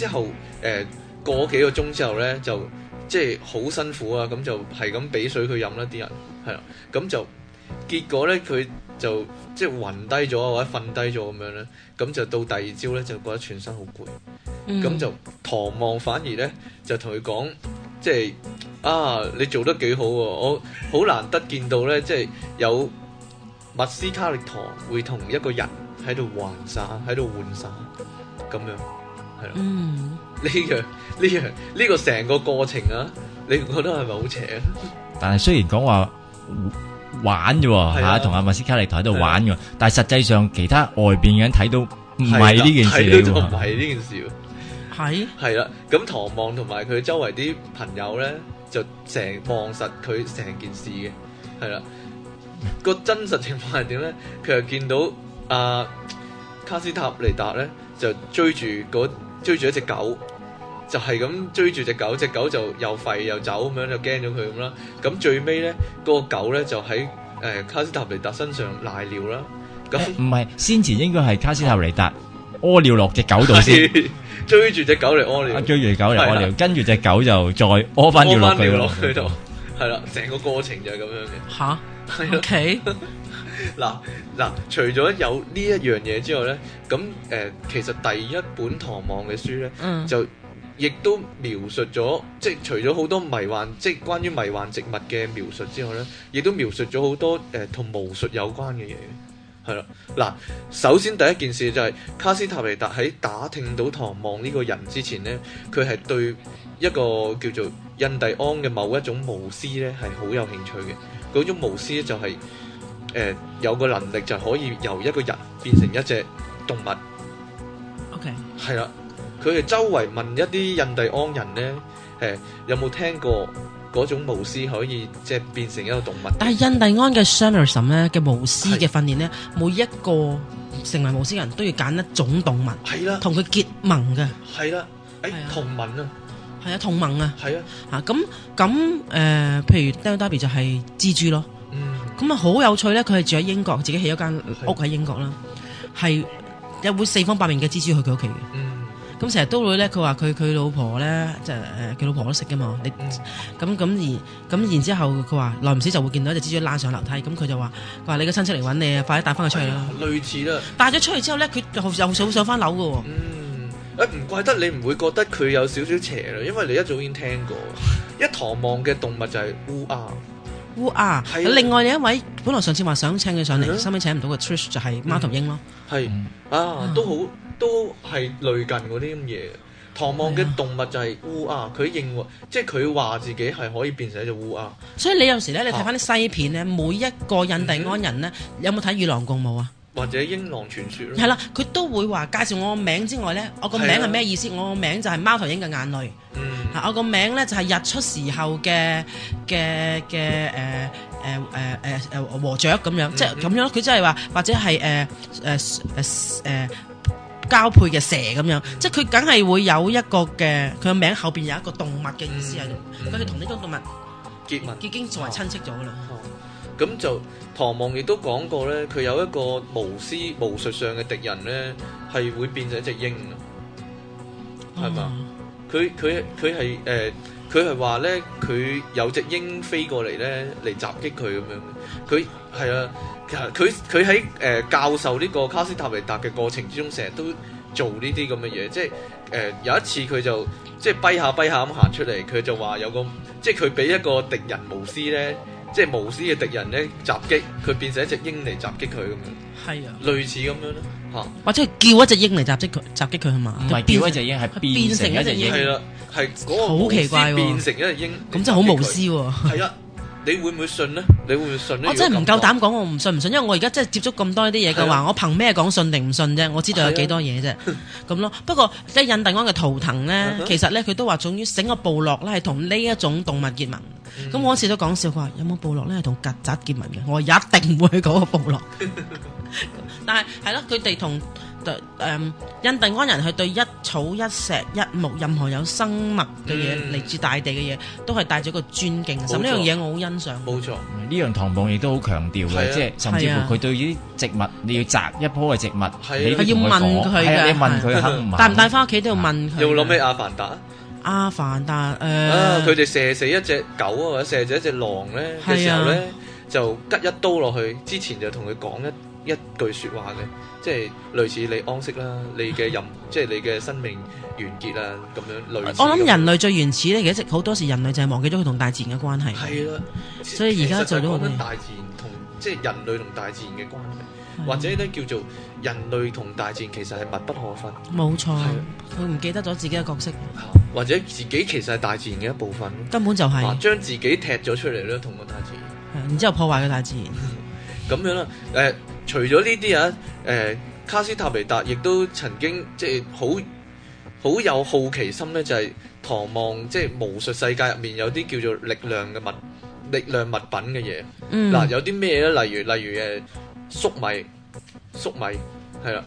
S2: 然後、呃、之後誒過幾個鐘之後咧就。即係好辛苦啊，咁就係咁俾水佢飲啦，啲人係啦，咁就結果咧，佢就即係暈低咗或者瞓低咗咁樣咧，咁就到第二朝咧就覺得全身好攰，
S4: 咁、嗯、就
S2: 唐望反而咧就同佢講，即係啊你做得幾好喎、啊，我好難得見到咧，即係有麥斯卡力陀會同一個人喺度玩耍，喺度玩耍咁樣係啦。呢樣呢樣呢個成、這個這個、個過程啊，你覺得係咪好邪 啊？
S3: 但係雖然講話玩啫，吓同、啊、阿馬斯卡尼喺度玩嘅，啊、但係實際上其他外邊嘅人睇到唔係呢件事嚟嘅嘛，
S2: 唔係呢件事、啊，係係啦。咁唐、啊、望同埋佢周圍啲朋友咧，就成望實佢成件事嘅，係啦、啊。個真實情況係點咧？佢又見到阿、啊、卡斯塔尼達咧，就追住嗰。追住一隻狗，就係咁追住隻狗，隻狗就又吠又走咁樣，就驚咗佢咁啦。咁最尾咧，嗰個狗咧就喺誒卡斯塔尼達身上瀨尿啦。咁
S3: 唔係，先前應該係卡斯塔尼達屙尿落隻狗度先，
S2: 追住隻狗嚟屙尿。
S3: 追住狗嚟屙尿，跟住隻狗就再屙翻尿落去度。
S2: 係啦，成個過程就係咁樣嘅。吓，O K。嗱嗱，除咗有呢一樣嘢之外呢，咁、呃、誒，其實第一本《唐望》嘅書呢，嗯、就亦都描述咗，即係除咗好多迷幻，即係關於迷幻植物嘅描述之外呢，亦都描述咗好多誒同、呃、巫術有關嘅嘢，係啦。嗱，首先第一件事就係、是、卡斯塔尼達喺打聽到唐望呢個人之前呢，佢係對一個叫做印第安嘅某一種巫師呢係好有興趣嘅，嗰種巫師就係、是，誒，有個能力就可以由一個人變成一隻動物。
S4: OK，
S2: 係啦，佢哋周圍問一啲印第安人咧，誒，有冇聽過嗰種巫師可以即係變成一個動物？但係
S1: 印第安嘅 shamanism 咧嘅巫師嘅訓練咧，每一個成為巫師人都要揀一種動物，係啦，同佢結盟嘅，
S2: 係啦，誒，同盟啊，
S1: 係啊，同盟啊，係啊，吓咁咁誒，譬如 Daddy 就係蜘蛛咯。咁啊，好有趣咧！佢係住喺英國，自己起咗間屋喺英國啦，係是的 有會四方八面嘅蜘蛛去佢屋企嘅。咁成日都會咧，佢話佢佢老婆咧，就誒佢老婆都識㗎嘛。咁咁、嗯、而咁然之後，佢話耐唔少就會見到一隻蜘蛛拉上樓梯。咁佢就話：佢話你嘅親戚嚟揾你啊！快啲帶翻佢出去啦，
S2: 哎！類似啦，
S1: 帶咗出去之後咧，佢又又想上翻樓㗎喎。
S2: 嗯，誒唔怪得你唔會覺得佢有少少邪啦，因為你一早已經聽過一唐望嘅動物就係烏鴉。
S1: 烏鴉，uh, 啊、另外另一位、啊、本來上次話想請佢上嚟，收尾、啊、請唔到個 Trish 就係貓頭鷹咯。
S2: 係啊，啊都，都好都係類近嗰啲咁嘢。唐望嘅動物就係烏鴉，佢、啊哦啊、認即係佢話自己係可以變成一隻烏鴉。啊、
S1: 所以你有時咧，你睇翻啲西片咧，啊、每一個印第安人咧，嗯、有冇睇與狼共舞啊？
S2: 或者《英王傳說》咯，係 啦，
S1: 佢都會話介紹我個名之外咧，我個名係咩意思？啊、我個名就係貓頭鷹嘅眼淚，吓、嗯啊、我個名咧就係日出時候嘅嘅嘅誒誒誒誒誒和雀咁樣，即係咁樣。佢即係話或者係誒誒誒誒交配嘅蛇咁樣，即係佢梗係會有一個嘅，佢個名後邊有一個動物嘅意思喺度、嗯。佢係同呢種動物結結經作為親戚咗啦。嗯嗯嗯。
S2: 咁就唐望亦都講過咧，佢有一個巫師巫術上嘅敵人咧，係會變成一隻鷹，
S4: 係嘛？
S2: 佢佢佢係誒，佢係話咧，佢、呃、有隻鷹飛過嚟咧，嚟襲擊佢咁樣。佢係啊，其實佢佢喺誒教授呢個卡斯塔尼達嘅過程之中，成日都做呢啲咁嘅嘢。即係誒、呃，有一次佢就即係跛下跛下咁行出嚟，佢就話有個即係佢俾一個敵人巫師咧。即係巫師嘅敵人咧，襲擊佢變成一隻鷹嚟襲擊佢咁樣，係啊，類似咁樣咯嚇，
S1: 或者叫一隻鷹嚟襲擊佢，襲擊佢係嘛？唔係叫一隻鷹，係變成一
S2: 隻鷹，係啦，係嗰個巫師變成一隻鷹，咁真係好無私喎。你會唔會信呢？你會唔會信呢？我真係唔夠膽
S1: 講，我唔信唔信，因為我而家真係接觸咁多啲嘢嘅話，的我憑咩講信定唔信啫？我知道有幾多嘢啫，咁的咯。不過喺印第安嘅圖騰咧，uh huh. 其實咧佢都話，總於整個部落咧係同呢一種動物結盟。咁我嗰次都講笑話，有冇部落咧係同曱甴結盟嘅？我一定唔會去嗰個部落。 但係係咯，佢哋同。對，嗯，印第安人佢對一草一石一木，任何有生物嘅嘢，嚟自大地嘅嘢，都係帶咗個尊敬。咁呢樣嘢我好欣賞。冇錯，
S3: 呢樣唐望亦都好強調嘅，即係甚至乎佢對呢啲植物，你要摘一樖嘅植物，
S1: 你都要問佢嘅，你問
S2: 佢肯唔肯？帶唔
S1: 帶翻屋企都要問佢？要諗起？阿凡達？阿凡達？誒，啊，佢
S2: 哋射死一隻狗啊，或者射咗一隻狼咧，嘅時候咧就刉一刀落去，之前就同佢講一一句說話嘅，即係類似你安息啦，你嘅任 即係你嘅生命完結啦、啊，咁樣類似。我諗人類最
S1: 原始嚟其實即好多時人類就係忘記咗佢同大自然嘅關係。係啦了，所以而家做咗其實就大
S2: 自然同即係人類同大自然嘅關係，的或者都叫做人類同大自然其實係密不可分。
S1: 冇錯錯，佢唔的記得咗自己嘅角色，
S2: 或者自己其實係大自然嘅一部分。根本就係、是、將自己踢咗出嚟咧，同個大自然，
S1: 然之後破壞個大自然，
S2: 咁 樣啦，誒、呃。除咗呢啲啊，誒、呃、卡斯塔尼達亦都曾經即係好好有好奇心咧，就係唐望即係巫術世界入面有啲叫做力量嘅物、力量物品嘅嘢。嗱、嗯，有啲咩咧？例如，例如誒粟米、粟米係啦。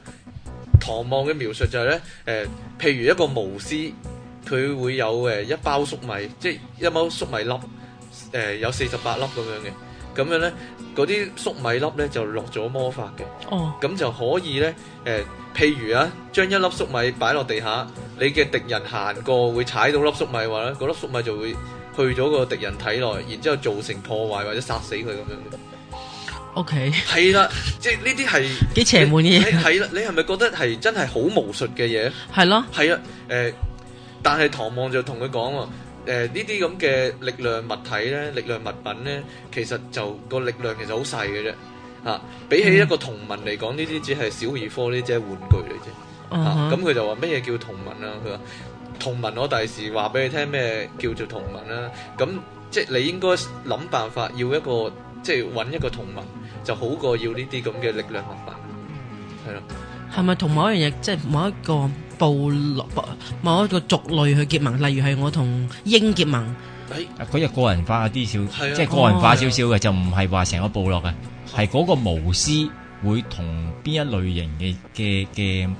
S2: 唐望嘅描述就係、是、咧，誒、呃、譬如一個巫師，佢會有誒一包粟米，即、就、係、是、一包粟米粒，誒、呃、有四十八粒咁樣嘅。咁樣咧，嗰啲粟米粒咧就落咗魔法嘅。咁就可以咧，誒，譬如啊，將一粒粟米擺落地下，你嘅敵人行過會踩到粒粟米，話咧，嗰粒粟米就會去咗個敵人體內，然之後造成破壞或者殺死佢咁樣。
S1: OK，
S2: 係啦，即係呢啲係幾邪門嘅嘢。係啦，你係咪覺得係真係好巫術嘅嘢？係咯，係啊，誒，但係唐望就同佢講喎。誒，呢啲咁嘅力量物體咧，力量物品咧，其實就個力量其實好細嘅啫，嚇、啊！比起一個同文嚟講，呢啲只係小兒科，呢只係玩具嚟啫。嚇、啊！咁佢、uh huh. 啊、就話咩嘢叫同文啦、啊？佢話同文、啊，我第時話俾你聽咩叫做同文啦。咁即係你應該諗辦法要一個，即係揾一個同文，就好過要呢啲咁嘅力量物品。係咯，
S1: 係咪同某一樣嘢，即、就、係、是、某一個？部落某一個族類去結盟，例如係我同英結盟。
S3: 佢就、哎、個人化啲少，啊、即係個人化少少嘅，啊、就唔係話成個部落嘅，係嗰、啊、個巫師會同邊一類型嘅嘅
S2: 嘅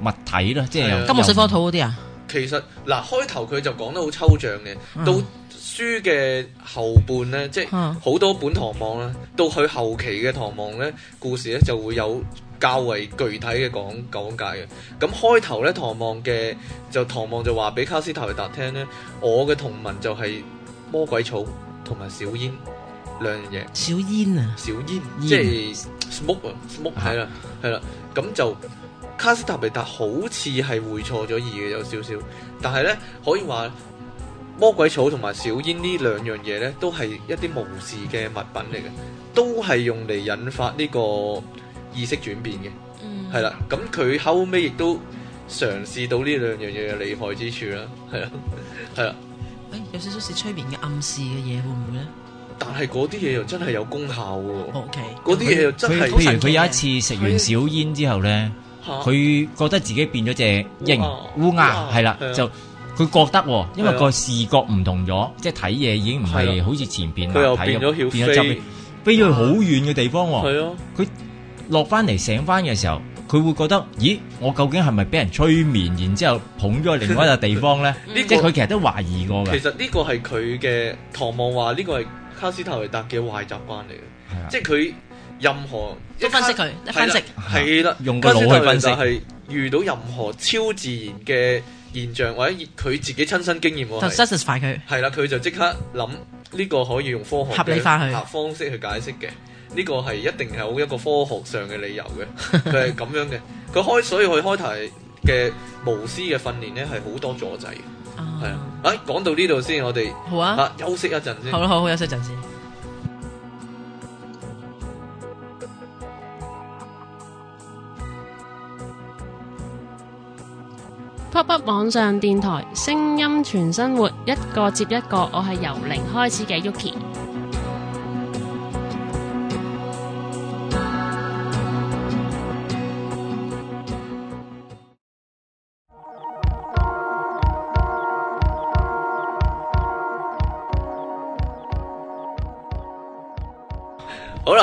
S2: 物體咯，即係金木水火土啲啊。有其實嗱開頭佢就講得好抽象嘅，嗯、到書嘅後半咧，即係好多本唐望咧，啊、到佢後期嘅唐望咧，故事咧就會有較為具體嘅講講解嘅。咁開頭咧，唐望嘅就唐望就話俾卡斯泰達聽咧，我嘅同盟就係魔鬼草同埋小煙兩樣嘢。小煙啊，小煙煙，煙即係 smoke 啊，smoke 係啦，係啦，咁、啊、就。卡斯塔維達好似係會錯咗意嘅有少少，但係咧可以話魔鬼草同埋小煙呢兩樣嘢咧，都係一啲無視嘅物品嚟嘅，都係用嚟引發呢個意識轉變嘅。嗯，係啦，咁佢後尾亦都嘗試到呢兩樣嘢嘅厲害之處啦。
S1: 係啊，係啊。誒、欸，有少少似催眠嘅暗示嘅嘢會唔會咧？但係嗰啲嘢又真係有
S2: 功效喎。O K，嗰啲嘢又真係。譬如佢有一
S3: 次食完小煙之後咧。佢覺得自己變咗隻鷹、烏鴉係啦，就佢覺得，因為個視覺唔同咗，即係睇嘢已經唔係好似前邊啦睇咁，飛咗去好遠嘅地方。係啊，佢落翻嚟醒翻嘅時候，佢會覺得：咦，我究竟係咪俾人催眠，然之後捧咗去另外一個地方
S4: 咧？呢
S2: 即係佢其
S3: 實都懷疑過嘅。其實
S2: 呢個係佢嘅唐望話，呢個係卡斯塔尼達嘅壞習慣嚟嘅，即係佢。任何一分析佢，一分析係啦。用科學分析就係遇到任何超自然嘅現象，或者佢自己親身經驗，就，係 satisfy 佢啦。佢就即刻諗呢個可以用科學合理化嘅方式去解釋嘅，呢個係一定係好一個科學上嘅理由嘅。佢係咁樣嘅，佢開所以佢開頭嘅巫師嘅訓練咧係好多阻滯嘅，係啊。啊，講到呢度先，我哋好啊，休息一陣先。好啦，好，
S1: 休息一陣先。網上電台，聲音全生活，一個接一個，我係由零開始嘅 Yuki。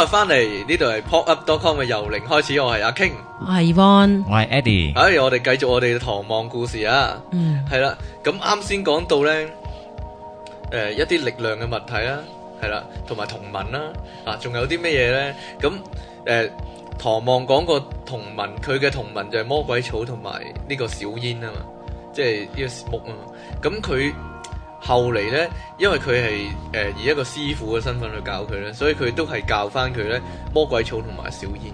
S2: 翻嚟呢度係 p o p u p c o m 嘅由零開始，我係阿 King，
S4: 我
S1: 係 a n 我係 Eddie，
S2: 哎，我哋繼續我哋嘅唐望故事啊，嗯，係啦，咁啱先講到咧，誒、呃，一啲力量嘅物體啦，係啦，同埋同文啦，啊，仲有啲咩嘢咧？咁誒，唐、呃、望講過同文，佢嘅同文就係魔鬼草同埋呢個小煙啊嘛，即係呢個木啊嘛，咁佢。後嚟咧，因為佢係誒以一個師傅嘅身份去教佢咧，所以佢都係教翻佢咧魔鬼草同埋小煙。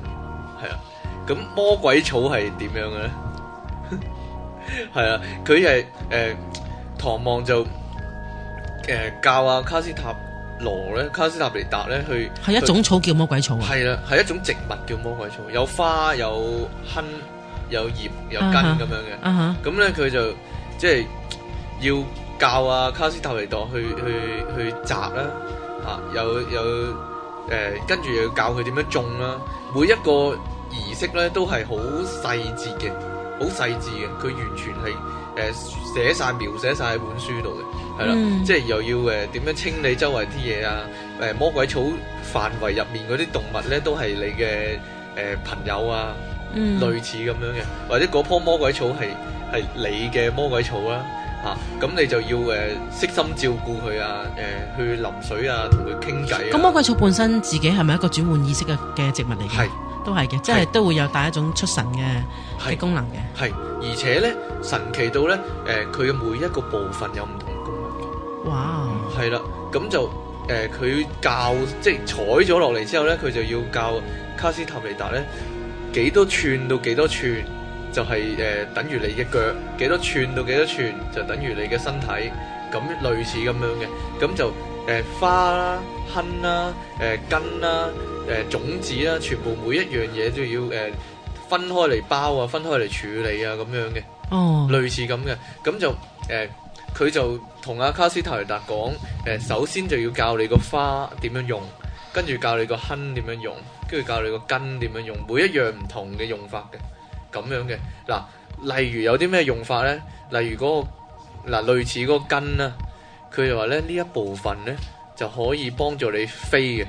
S2: 係啊。咁魔鬼草係點樣嘅咧？係 啊，佢係誒唐望就誒、呃、教阿、啊、卡斯塔羅咧、卡斯塔尼達咧去。係一種
S1: 草叫魔鬼草啊？係啦，
S2: 係一種植物叫魔鬼草，有花有莖有葉有根有葉有根咁樣嘅。咁咧佢就即係要。教啊，卡斯透尼鐸去去去摘啦、啊，吓又又誒，跟住又要教佢點樣種啦、啊。每一個儀式咧都係好細節嘅，好細緻嘅。佢完全係誒、呃、寫晒、描寫晒喺本書度嘅，係啦。嗯、即係又要誒點樣清理周圍啲嘢啊，誒、呃，魔鬼草範圍入面嗰啲動物咧都係你嘅誒、呃、朋友啊，
S4: 嗯、類
S2: 似咁樣嘅，或者嗰棵魔鬼草係係你嘅魔鬼草啦、啊。吓，咁、啊、你就要誒、呃，悉心照顧佢啊，誒、呃，去淋水啊，同佢傾偈。咁魔鬼
S1: 草本身自己係咪一個轉換意識嘅嘅植物嚟嘅？係是，都係嘅，是即係都會有帶一種出神嘅嘅是功能嘅。
S2: 係，而且咧神奇到咧，誒、呃，佢嘅每一個部分有唔同功能
S1: 嘅。哇！
S2: 係啦、嗯，咁就誒，佢、呃、教即係採咗落嚟之後咧，佢就要教卡斯塔尼達咧幾多寸到幾多寸。就係、是、誒、呃，等於你嘅腳幾多寸到幾多寸，就等於你嘅身體咁，類似咁樣嘅咁就誒、呃、花啦、莖啦、誒、呃、根啦、誒、呃、種子啦，全部每一樣嘢都要誒分開嚟包啊，分開嚟處理啊，咁樣嘅哦，oh. 類似咁嘅咁就誒，佢、呃、就同阿卡斯泰達講誒，首先就要教你個花點樣用，跟住教你個莖點樣用，跟住教你個根點樣用，每一樣唔同嘅用法嘅。咁樣嘅嗱，例如有啲咩用法咧？例如嗰、那、嗱、個，類似嗰根啦，佢就話咧，呢一部分咧就可以幫助你飛嘅，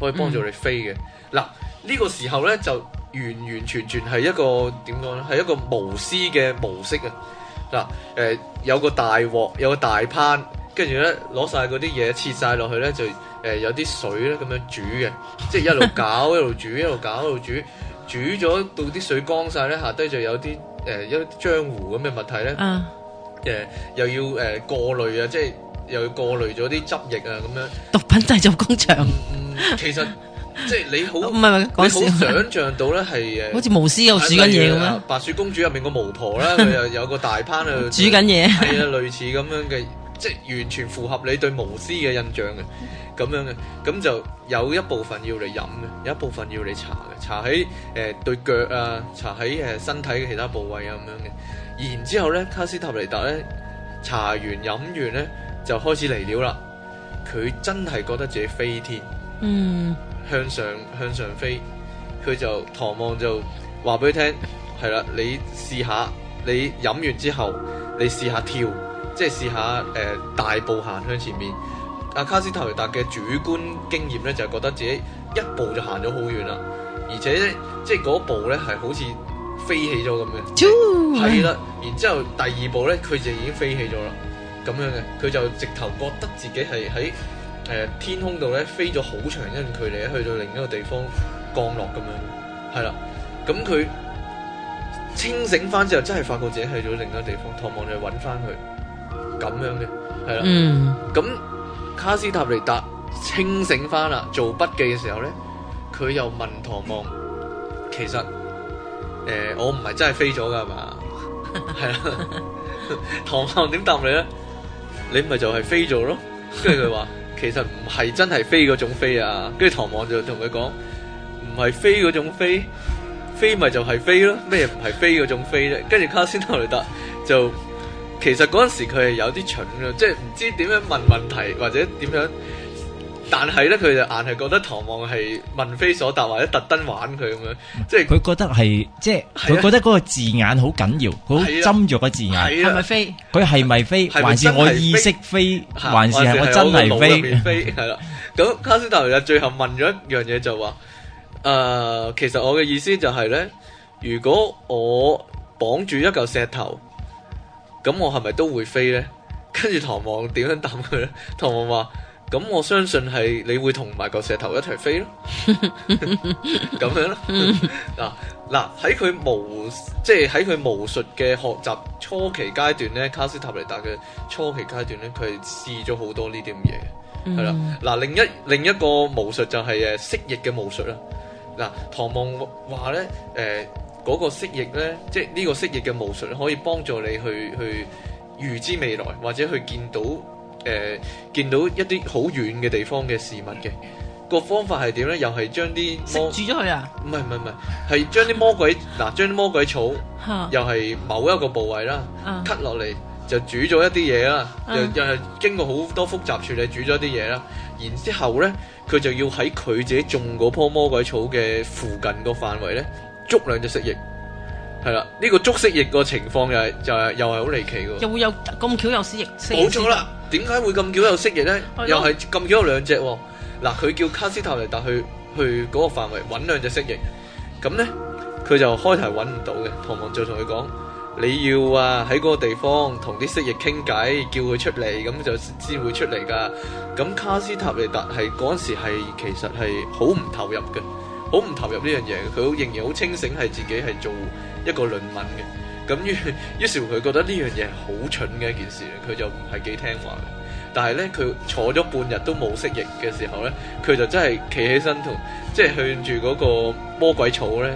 S2: 可以幫助你飛嘅。嗱呢、嗯、個時候咧就完完全全係一個點講咧？係一個無私嘅模式啊！嗱、呃、誒，有個大鑊，有個大攤，跟住咧攞晒嗰啲嘢切晒落去咧，就誒、呃、有啲水咧咁樣煮嘅，即係一路攪一路煮， 煮，一路攪一路煮。煮咗到啲水乾晒咧，下低就有啲誒一漿糊咁嘅物體咧。誒，啊、又要誒、呃、過濾啊，即係又要過濾咗啲汁液啊，咁樣。
S1: 毒品製造工場、
S4: 嗯。
S2: 其實即係你好唔係唔係講笑，你好想象到咧係誒，好似、啊、巫師又煮緊嘢咁樣！白雪公主入面個巫婆啦，佢又、啊、有個大盤啊煮緊嘢。係啊， 類似咁樣嘅。即完全符合你對巫師嘅印象嘅，咁樣嘅，咁就有一部分要你飲嘅，有一部分要你搽嘅，搽喺誒對腳啊，搽喺誒身體嘅其他部位啊咁樣嘅。然之後咧，卡斯塔尼達咧搽完飲完咧就開始嚟料啦。佢真係覺得自己飛天，嗯，向上向上飛，佢就唐望就話俾佢聽，係啦，你試下，你飲完之後，你試下跳。即係試下誒，大步行向前面。阿卡斯特雷達嘅主觀經驗咧，就係覺得自己一步就行咗好遠啦，而且咧，即係嗰步咧係好似飛起咗咁嘅，係啦。 然之後第二步咧，佢就已經飛起咗啦，咁樣嘅，佢就直頭覺得自己係喺誒天空度咧飛咗好長一段距離，去到另一個地方降落咁樣，係啦。咁佢清醒翻之後，真係發覺自己去咗另一個地方，唐望就搵翻佢。咁樣嘅係啦，咁、嗯、卡斯塔尼達清醒翻啦，做筆記嘅時候咧，佢又問唐望，其實誒、呃，我唔係真係飛咗噶係嘛？係啦， 唐望點答你咧？你咪就係飛咗咯。跟住佢話，其實唔係真係飛嗰種飛啊。跟住唐望就同佢講，唔係飛嗰種飛，飛咪就係飛咯，咩唔係飛嗰種飛咧？跟住卡斯塔尼達就。其實嗰陣時佢係有啲蠢嘅，即係唔知點樣問問題或者點樣，但係咧，佢就硬係覺得唐望係問非所答，或者特登玩佢咁樣，
S3: 即係佢覺得係，即係佢覺得嗰個字眼好緊要，好斟酌個字眼，係咪飛？佢係咪飛？還是我意識
S2: 飛？還是我真係飛？係啦，咁卡斯達就最後問咗一樣嘢就話，誒，其實我嘅意思就係咧，如果我綁住一嚿石頭。咁我係咪都會飛呢？跟住唐望點樣答佢咧？唐望話：咁我相信係你會同埋個石頭一齊飛咯，咁 樣咯吧。嗱嗱喺佢巫即係喺佢巫術嘅學習初期階段呢，卡斯塔尼達嘅初期階段呢，佢試咗好多呢啲咁嘢。係啦、嗯，嗱、啊、另一另一個巫術就係、是、誒蜥蜴嘅巫術啦。嗱、啊，唐望話呢。誒、呃。嗰個蜥蜴咧，即係呢個蜥蜴嘅巫術，可以幫助你去去預知未來，或者去見到誒、呃、見到一啲好遠嘅地方嘅事物嘅、個方法係點咧？又係將啲食煮咗佢啊？唔係唔係唔係，係將啲魔鬼嗱， 將啲魔鬼草 又係某一個部位啦，cut 落嚟就煮咗一啲嘢啦，又又係經過好多複雜處理，煮咗啲嘢啦，然之後咧，佢就要喺佢自己種嗰棵魔鬼草嘅附近個範圍咧。捉兩隻蜥蜴，係啦，呢、這個捉蜥蜴個情況又係，就係又係好離奇噶，又
S1: 會有咁巧有蜥蜴，冇錯啦。
S2: 點解會咁巧有蜥蜴咧？ 哎、呦 又係咁巧有兩隻。嗱、嗯，佢叫卡斯塔尼達去去嗰個範圍揾兩隻蜥蜴，咁咧佢就開頭揾唔到嘅，唐望就同佢講：你要啊喺嗰個地方同啲蜥蜴傾偈，叫佢出嚟，咁就先會出嚟噶。咁卡斯塔尼達係嗰時係其實係好唔投入嘅。好唔投入呢樣嘢，佢仍然好清醒，係自己係做一個論文嘅。咁於是乎，佢覺得呢樣嘢係好蠢嘅一件事，佢就唔係幾聽話。但係呢，佢坐咗半日都冇蜥蜴嘅時候呢，佢就真係企起身同即係向住嗰個魔鬼草呢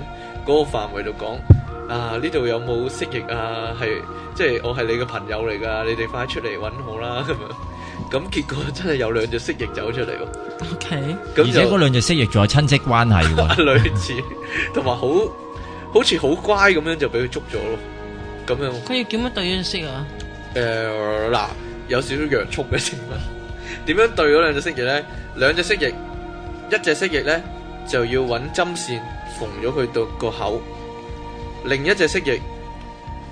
S2: 嗰個範圍度講：啊呢度有冇蜥蜴啊？係即係我係你嘅朋友嚟㗎，你哋快出嚟揾我啦咁啊！ 咁結果真係有兩隻蜥蜴走出嚟咯，Ok，而且嗰兩
S3: 隻蜥蜴仲有親戚關係嘅，類
S2: 似同埋好好似好乖咁樣就俾佢捉咗咯，咁樣
S1: 佢要點樣對嗰隻蜥啊？
S2: 誒嗱，有少少洋蔥嘅成分。點樣對嗰兩隻蜥蜴咧？兩隻蜥蜴，一隻蜥蜴咧就要揾針線縫咗佢到個口，另一隻蜥蜴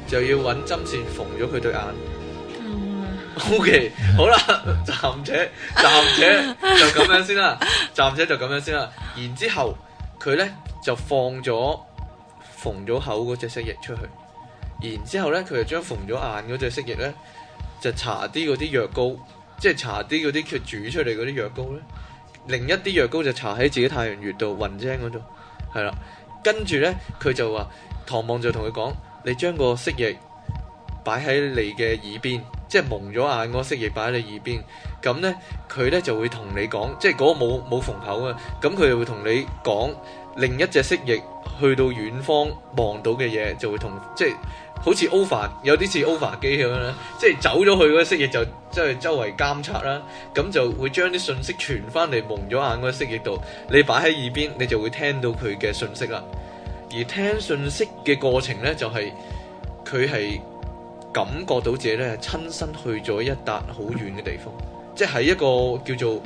S2: 就要揾針線縫咗佢對眼。
S4: O.K. 好啦，
S2: 暫且暫且就咁樣先啦，暫且就咁樣先啦。 然之後佢呢，就放咗縫咗口嗰隻蜥蜴出去，然之後呢，佢就將縫咗眼嗰隻蜥蜴呢，就搽啲嗰啲藥膏，即係搽啲嗰啲佢煮出嚟嗰啲藥膏呢。另一啲藥膏就搽喺自己太陽穴度、雲睛嗰度，係啦。跟住呢，佢就話，唐望就同佢講：你將個蜥蜴擺喺你嘅耳邊。即係蒙咗眼嗰個蜥蜴擺喺你耳邊，咁呢，佢呢就會同你講，即係嗰個冇冇縫口啊，咁佢就會同你講另一隻蜥蜴去到遠方望到嘅嘢，就會同即係好似 over 有啲似 over 機咁樣，即係走咗去嗰個蜥蜴就即係、就係、周圍監察啦，咁就會將啲信息傳翻嚟，蒙咗眼嗰個蜥蜴度，你擺喺耳邊，你就會聽到佢嘅信息啦。而聽信息嘅過程呢，就係佢係。感覺到自己咧，親身去咗一笪好遠嘅地方，即係一個叫做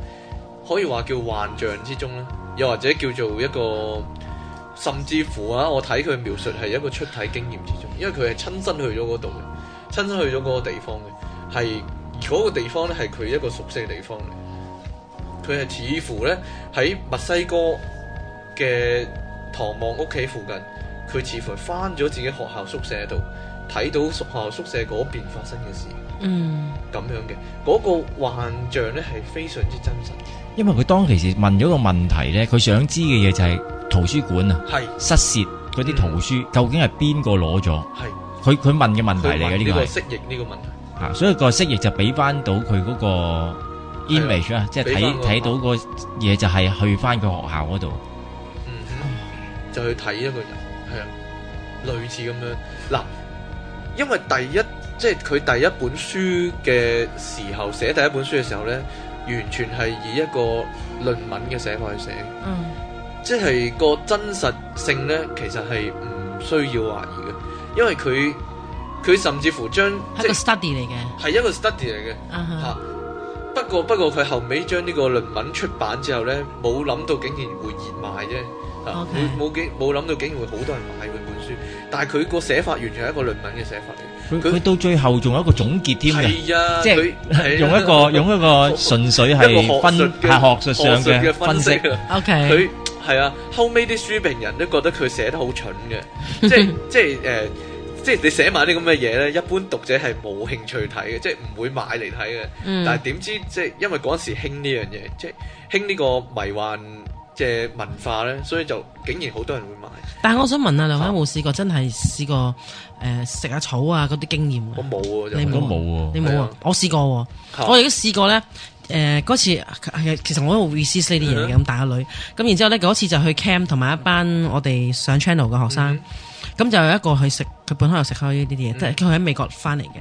S2: 可以話叫幻象之中咧，又或者叫做一個甚至乎啊，我睇佢描述係一個出體經驗之中，因為佢係親身去咗嗰度嘅，親身去咗嗰個地方嘅，係嗰、嗰個地方咧係佢一個熟悉嘅地方，佢係似乎咧喺墨西哥嘅唐望屋企附近，佢似乎返咗自己學校宿舍度。睇到學校宿舍嗰邊發生嘅事，
S4: 嗯，
S2: 咁樣嘅嗰個幻象咧係非常之真實，
S3: 因為佢當其時問咗個問題咧，佢想知嘅嘢就係圖書館啊，係失竊嗰啲圖書究竟係邊個攞咗，係佢佢問嘅問題嚟嘅呢個失竊呢個問題，啊，所以個失竊就俾翻到佢嗰個 image 啊，即係睇睇到個嘢就係去翻佢學校嗰度，嗯，
S2: 就去睇一個人，係啊，類似咁樣嗱。因為第一，即係佢第一本書嘅時候寫第一本書嘅時候呢，完全係以一個論文嘅寫法去寫，嗯，即係個真實性呢，其實係唔需要懷疑嘅，因為佢佢甚至乎將
S1: 係一個 study 嚟嘅，
S2: 係一個 study 嚟嘅，吓
S4: ，uh huh.，
S2: 不過不過佢後尾將呢個論文出版之後呢，冇諗到竟然會熱賣啫，冇冇冇諗到竟然會好多人買佢本書。但係佢個寫法完全係一個論文嘅寫法嚟，
S3: 佢佢到最後仲有一個總結添，係啊，即係佢
S2: 用一個用
S3: 一個純粹係分學學術上嘅分
S2: 析。OK，佢係啊，後尾啲書評人都覺得佢寫得好蠢嘅，即係即係誒，即係你寫埋啲咁嘅嘢咧，一般讀者係冇興趣睇嘅，即係唔會買嚟睇嘅。但係點知即係因為嗰時興呢樣嘢，即係興呢個迷幻嘅文化咧，所以就竟然好多人會買。
S1: 但係我想問啊，兩位有冇試過真係試過誒食下草啊嗰啲經驗？我冇啊，你冇冇你冇啊！我試過喎、啊，啊、我亦都試過咧。誒、呃、嗰次、啊、其實我都會試啲嘢嘅，咁打下女。咁然之後咧，嗰次就去 camp 同埋一班我哋上 channel 嘅學生。嗯。咁就有一個去食，佢本身又食開呢啲嘢，即係佢喺美國翻嚟嘅。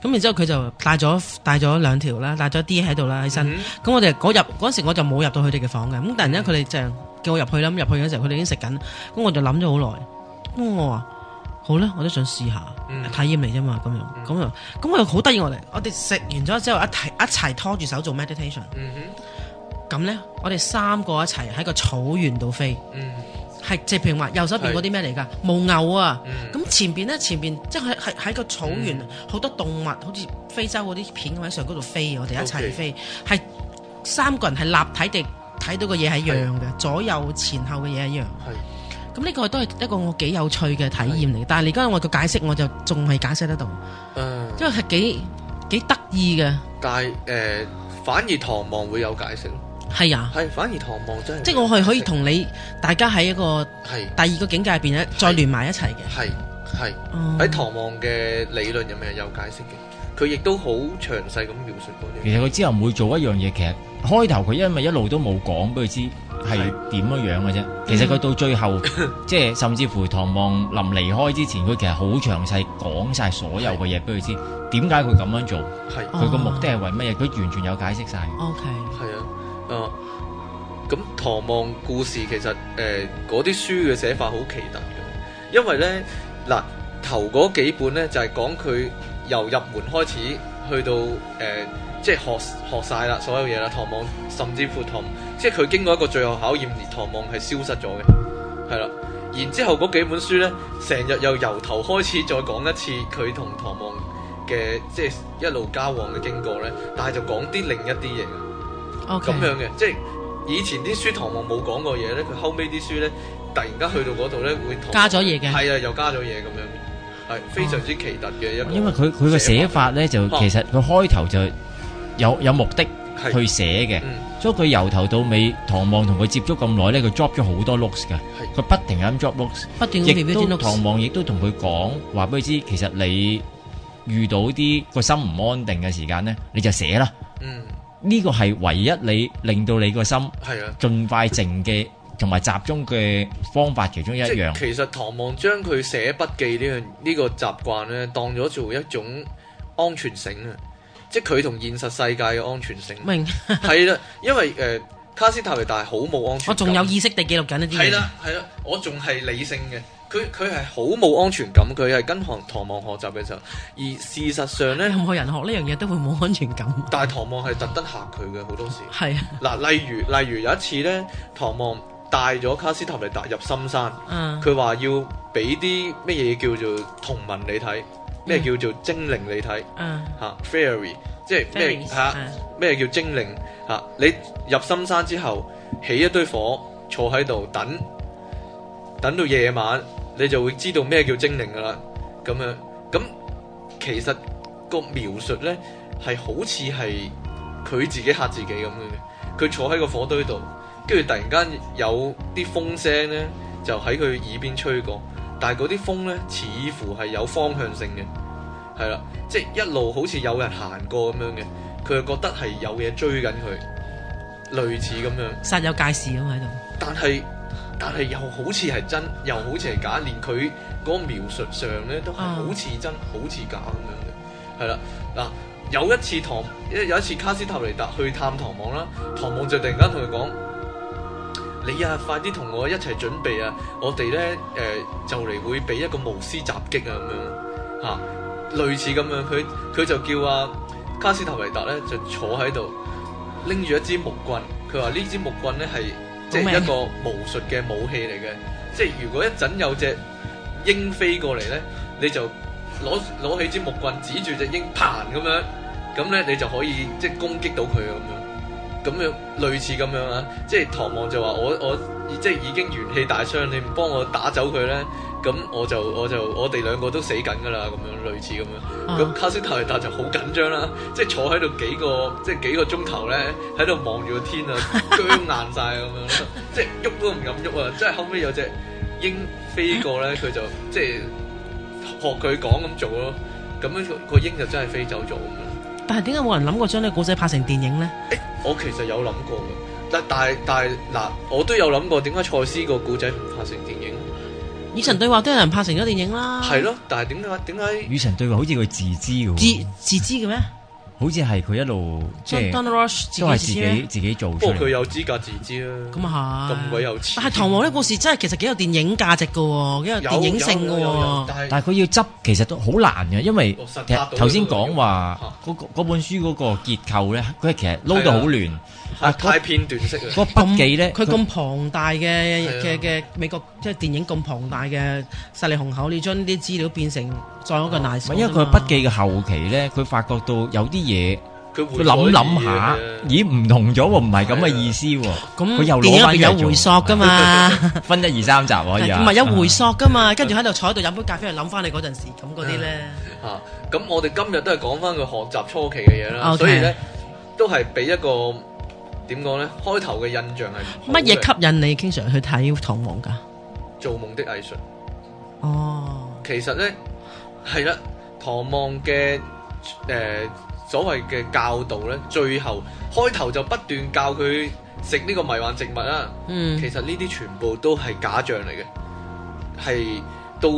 S1: 咁然之後佢就帶咗帶咗兩條啦，帶咗啲嘢喺度啦，起身。咁、嗯、我哋嗰入嗰時我就冇入到佢哋嘅房嘅。咁但係咧，佢哋就叫我入去啦。咁入去嘅時候，佢哋已經食緊。咁我就諗咗好耐。咁我話好啦，我都想試下體驗嚟啫嘛。咁樣咁樣，咁、嗯嗯、我又好得意我哋。我哋食完咗之後一齊一齊拖住手做 meditation、嗯。咁咧、嗯，我哋三個一齊喺個草原度飛。嗯嗯係即係譬如話右手邊嗰啲咩嚟噶，冇牛啊，咁前邊咧前邊即係係喺個草原，好多動物，好似非洲嗰啲片咁喺上嗰度飛，我哋一齊飛，係三個人係立體地睇到個嘢係一樣嘅，左右前後嘅嘢一樣。係咁呢個都係一個我幾有趣嘅體驗嚟，但係你而家我個解釋我就仲係解釋得到，
S2: 因為係
S1: 幾幾得意嘅。
S2: 但係誒，反而唐望會有解釋。係啊，係反而唐望真係，即係
S1: 我係可以同你大家喺一個第二個境界入邊咧，再聯埋一齊嘅。
S2: 係係喺唐望嘅理論入面有解釋嘅，佢亦都好詳細咁描述過。其實佢
S3: 之後每做一樣嘢，其實開頭佢因為一路都冇講，俾佢知係點樣樣嘅啫。其實佢到最後，即係甚至乎唐望臨離開之前，佢其實好詳細講晒所有嘅嘢俾佢知，點解佢咁樣做，係佢個目的係為乜嘢？佢完全有解釋晒。
S2: O K，係啊。哦，咁唐望故事其實誒嗰啲書嘅寫法好奇特嘅，因為咧嗱頭嗰幾本咧就係、是、講佢由入門開始去到誒、呃、即係學學晒啦所有嘢啦，唐望甚至乎唐即係佢經過一個最後考驗而唐望係消失咗嘅。係啦，然之後嗰幾本書咧成日又由頭開始再講一次佢同唐望嘅即係一路交往嘅經過咧，但係就講啲另一啲嘢。
S4: 咁樣嘅，
S2: 即係以前啲書唐望冇講過嘢咧，佢後尾啲書咧，突然間去到嗰度咧，會加咗嘢嘅，係啊，又加咗嘢咁樣，係非常之奇特嘅。因為因
S3: 為佢佢嘅寫法咧，就其實佢開頭就有有目的去寫嘅，所以佢由頭到尾，唐望同佢接觸咁耐咧，佢 drop 咗好多 looks 噶，佢不停咁 drop looks，不斷亦都唐望亦都同佢講，話俾佢知，其實你遇到啲個心唔安定嘅時間咧，你就寫啦，嗯。呢個係唯一你令到你個心係啊，盡快靜嘅同埋集中嘅方法其中一樣。其
S2: 實唐望將佢寫筆記呢樣呢個習慣咧，當咗做一種安全性啊，即係佢同現實世界嘅安全性。明係白啦， 因為誒、呃、卡斯塔利大好冇安
S1: 全。 我仲有意識地記錄緊一啲嘢。係啦，係啦，我
S2: 仲係理性嘅。佢佢係好冇安全感，佢係跟唐唐望學習嘅時候，而事實上咧，任何人學呢樣嘢都會冇安全感。但係唐望係特登嚇佢嘅好多時。係嗱、嗯，例如例如有一次咧，唐望帶咗卡斯塔尼達入深山。佢話、嗯、要俾啲乜嘢叫做同文你睇，咩、嗯、叫做精靈你睇。吓、嗯啊、fairy，即係咩吓？咩 fairy,、啊、叫精靈吓、啊？你入深山之後，起一堆火，坐喺度等，等到夜晚。你就會知道咩叫精靈噶啦，咁樣咁其實個描述呢，係好似係佢自己嚇自己咁樣嘅。佢坐喺個火堆度，跟住突然間有啲風聲呢，就喺佢耳邊吹過，但係嗰啲風呢，似乎係有方向性嘅，係啦，即係一路好似有人行過咁樣嘅，佢又覺得係有嘢追緊佢，類似咁樣。
S1: 煞有介事
S2: 咁喺度，但係。但係又好似係真，又好似係假，連佢嗰個描述上咧都係好似真，嗯、好似假咁樣嘅，係啦。嗱，有一次唐，有一次卡斯特雷達去探唐望啦，唐望就突然間同佢講：你啊，快啲同我一齊準備啊！我哋咧，誒、呃，就嚟會俾一個巫師襲擊啊！咁樣吓、啊，類似咁樣，佢佢就叫阿、啊、卡斯特雷達咧就坐喺度，拎住一支木棍，佢話呢支木棍咧係。即係一個巫術嘅武器嚟嘅，即係如果一陣有隻鷹飛過嚟咧，你就攞攞起支木棍指住隻鷹，彈咁樣，咁咧你就可以即係攻擊到佢啊咁樣，咁樣類似咁樣啊，即係唐望就話我我即係已經元氣大傷，你唔幫我打走佢咧？咁我就我就我哋兩個都死緊噶啦，咁樣類似咁樣。咁、嗯、卡斯特雷達就好緊張啦，即係坐喺度幾個即係幾個鐘頭咧，喺度望住個天啊，僵硬晒咁樣，即係喐都唔敢喐啊！即係後尾有隻鷹飛過咧，佢 就即係學佢講咁做咯。咁樣個個鷹就真係飛走咗咁樣。
S4: 但係點
S1: 解冇人諗過將呢個古仔拍成電影咧、欸？
S2: 我其實有諗過，但係但係嗱，我都有諗過點解賽斯個古仔唔拍成電影。
S1: 與神對話都有人拍成咗電影啦，係咯，
S2: 但係點解點解
S3: 與神對話好似佢自知嘅？自知嘅咩？好似係佢一路即係，都係自己自己做。不過
S2: 佢有資格自知啦。
S3: 咁啊嚇，咁鬼有錢！但係唐
S1: 望呢故事真係其實幾有電影價值嘅，幾有電影性嘅。但係，
S2: 但係
S3: 佢要執其實都好難嘅，因為頭先講話嗰本書嗰個結構咧，佢係佢其實撈到好亂。
S2: 係太片段式，
S3: 嗰個筆記咧，佢咁
S1: 龐大嘅嘅嘅美國即係電影咁龐大嘅勢力雄厚，你將啲資料變成再一個 nice。唔係因為佢筆
S3: 記嘅後期咧，佢發覺到有啲嘢，佢會諗諗下，咦，唔同咗喎，唔係咁嘅意思喎。咁，佢又攞翻嚟，佢有回溯噶嘛？分一二三集可以啊。唔係有回
S1: 溯噶嘛？跟住喺度坐喺度飲杯咖啡，諗翻你嗰陣時，咁嗰啲咧。
S2: 啊，咁我哋今日都係講翻佢學習初期嘅嘢啦，所以咧都係俾一個。點講呢？開頭嘅印象係乜嘢吸
S1: 引你經常去睇唐望㗎？
S2: 做夢的藝術。哦，oh. 其實呢，係啦，唐望嘅誒所謂嘅教導呢，最後開頭就不斷教佢食呢個迷幻植物啦。嗯，mm. 其實呢啲全部都係假象嚟嘅，係到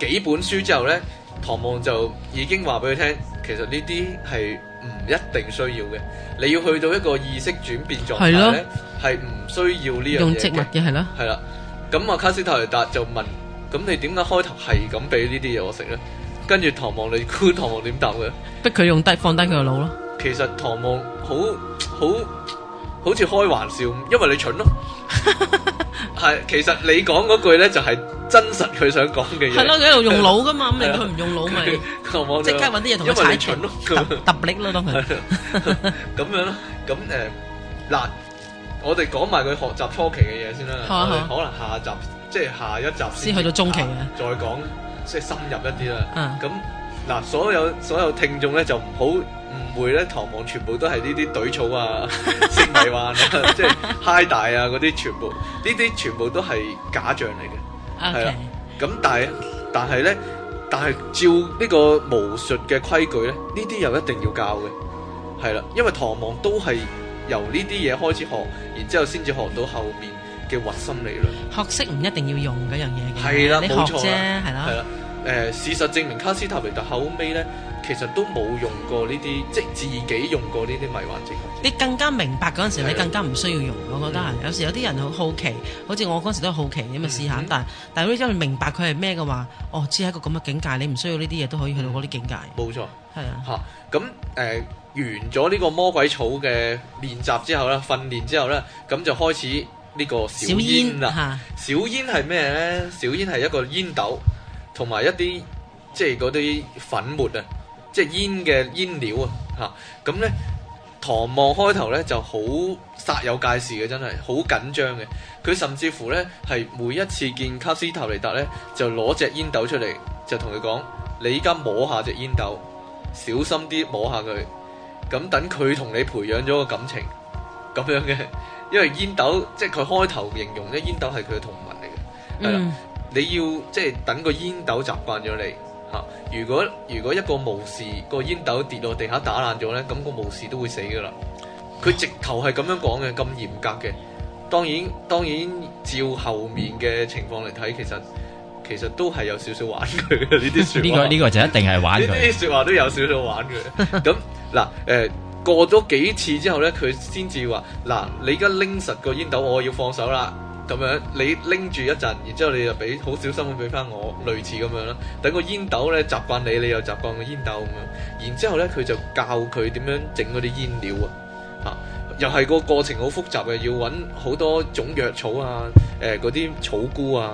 S2: 幾本書之後呢，唐望就已經話俾佢聽，其實呢啲係。一定需要嘅，你要去到一個意識轉變狀態咧，係唔咯需要呢樣嘢。用植物嘅係咯，係啦。咁啊，卡斯泰達就問：咁你點解開頭係咁俾呢啲嘢我食咧？跟住唐望你估，唐望點答嘅？
S1: 逼佢用低放低佢個腦
S2: 咯。其實唐望好好。好似開玩笑，因為你蠢咯。係， 其實你講嗰句咧就係真實佢想講嘅嘢。係咯、 啊，佢喺度用腦噶嘛，咁令佢唔用腦咪即刻揾啲嘢同佢踩斷，揼 力咯當佢。咁 樣咯，咁誒嗱，我哋講埋佢學習初期嘅嘢先啦。 可能下集即係下一集先 去到中期嘅，再講即係深入一啲啦。咁嗱、 嗯，所有所有聽眾咧就唔好。唔會咧，唐望全部都係呢啲隊草啊，食迷幻啊， 即係嗨大啊嗰啲，全部呢啲全部都係假象嚟嘅，
S4: 係啦。
S2: 咁但係但係咧，但係照呢個巫術嘅規矩咧，呢啲又一定要教嘅，係啦，因為唐望都係由呢啲嘢開始學，然之後先至學到後面嘅核心理論。
S1: 學識唔一定要用嗰樣嘢嘅，係啦的，冇你學 錯啦，係啦的，係
S2: 啦。誒、呃，事實證明卡斯塔尼特後尾咧。其實都冇用過呢啲，即係自己用過呢啲迷幻劑。
S1: 你更加明白嗰陣時，的你更加唔需要用。嗯、我覺得有時有啲人好好奇，好似我嗰時都好奇咁啊試下、嗯。但係，但係如果真係明白佢係咩嘅話，哦，只係一個咁嘅境界，你唔需要呢啲嘢都可以去到嗰啲境界。冇錯，係的啊。嚇！
S2: 咁、呃、誒完咗呢個魔鬼草嘅練習之後咧，訓練之後咧，咁就開始呢個小煙啦。小煙係咩咧？小煙係一個煙斗同埋一啲即係嗰啲粉末啊。即係煙嘅煙料啊，吓咁咧，唐望開頭咧就好煞有介事嘅，真係好緊張嘅。佢甚至乎咧係每一次見卡斯塔尼達咧，就攞隻煙斗出嚟，就同佢講：你依家摸下隻煙斗，小心啲摸下佢。咁等佢同你培養咗個感情，咁樣嘅。因為煙斗，即係佢開頭形容咧，煙斗係佢嘅同盟嚟嘅。係啦、嗯，你要即係等個煙斗習慣咗你。啊！如果如果一個武士個煙斗跌落地下打爛咗咧，咁、那個武士都會死噶啦。佢直頭係咁樣講嘅，咁嚴格嘅。當然當然，照後面嘅情況嚟睇，其實其實都係有少少玩佢嘅呢啲說話、 這個。呢個呢個
S3: 就一定係玩呢啲
S2: 說話都有少少玩佢。咁嗱， 誒、呃、過咗幾次之後咧，佢先至話嗱，你而家拎實個煙斗，我要放手啦。咁樣你拎住一陣，然之後你就俾好小心咁俾翻我，類似咁樣啦。等個煙斗咧習慣你，你又習慣個煙斗咁樣。然之後咧，佢就教佢點樣整嗰啲煙料啊！嚇，又係個過程好複雜嘅，要揾好多種藥草啊，誒嗰啲草菇啊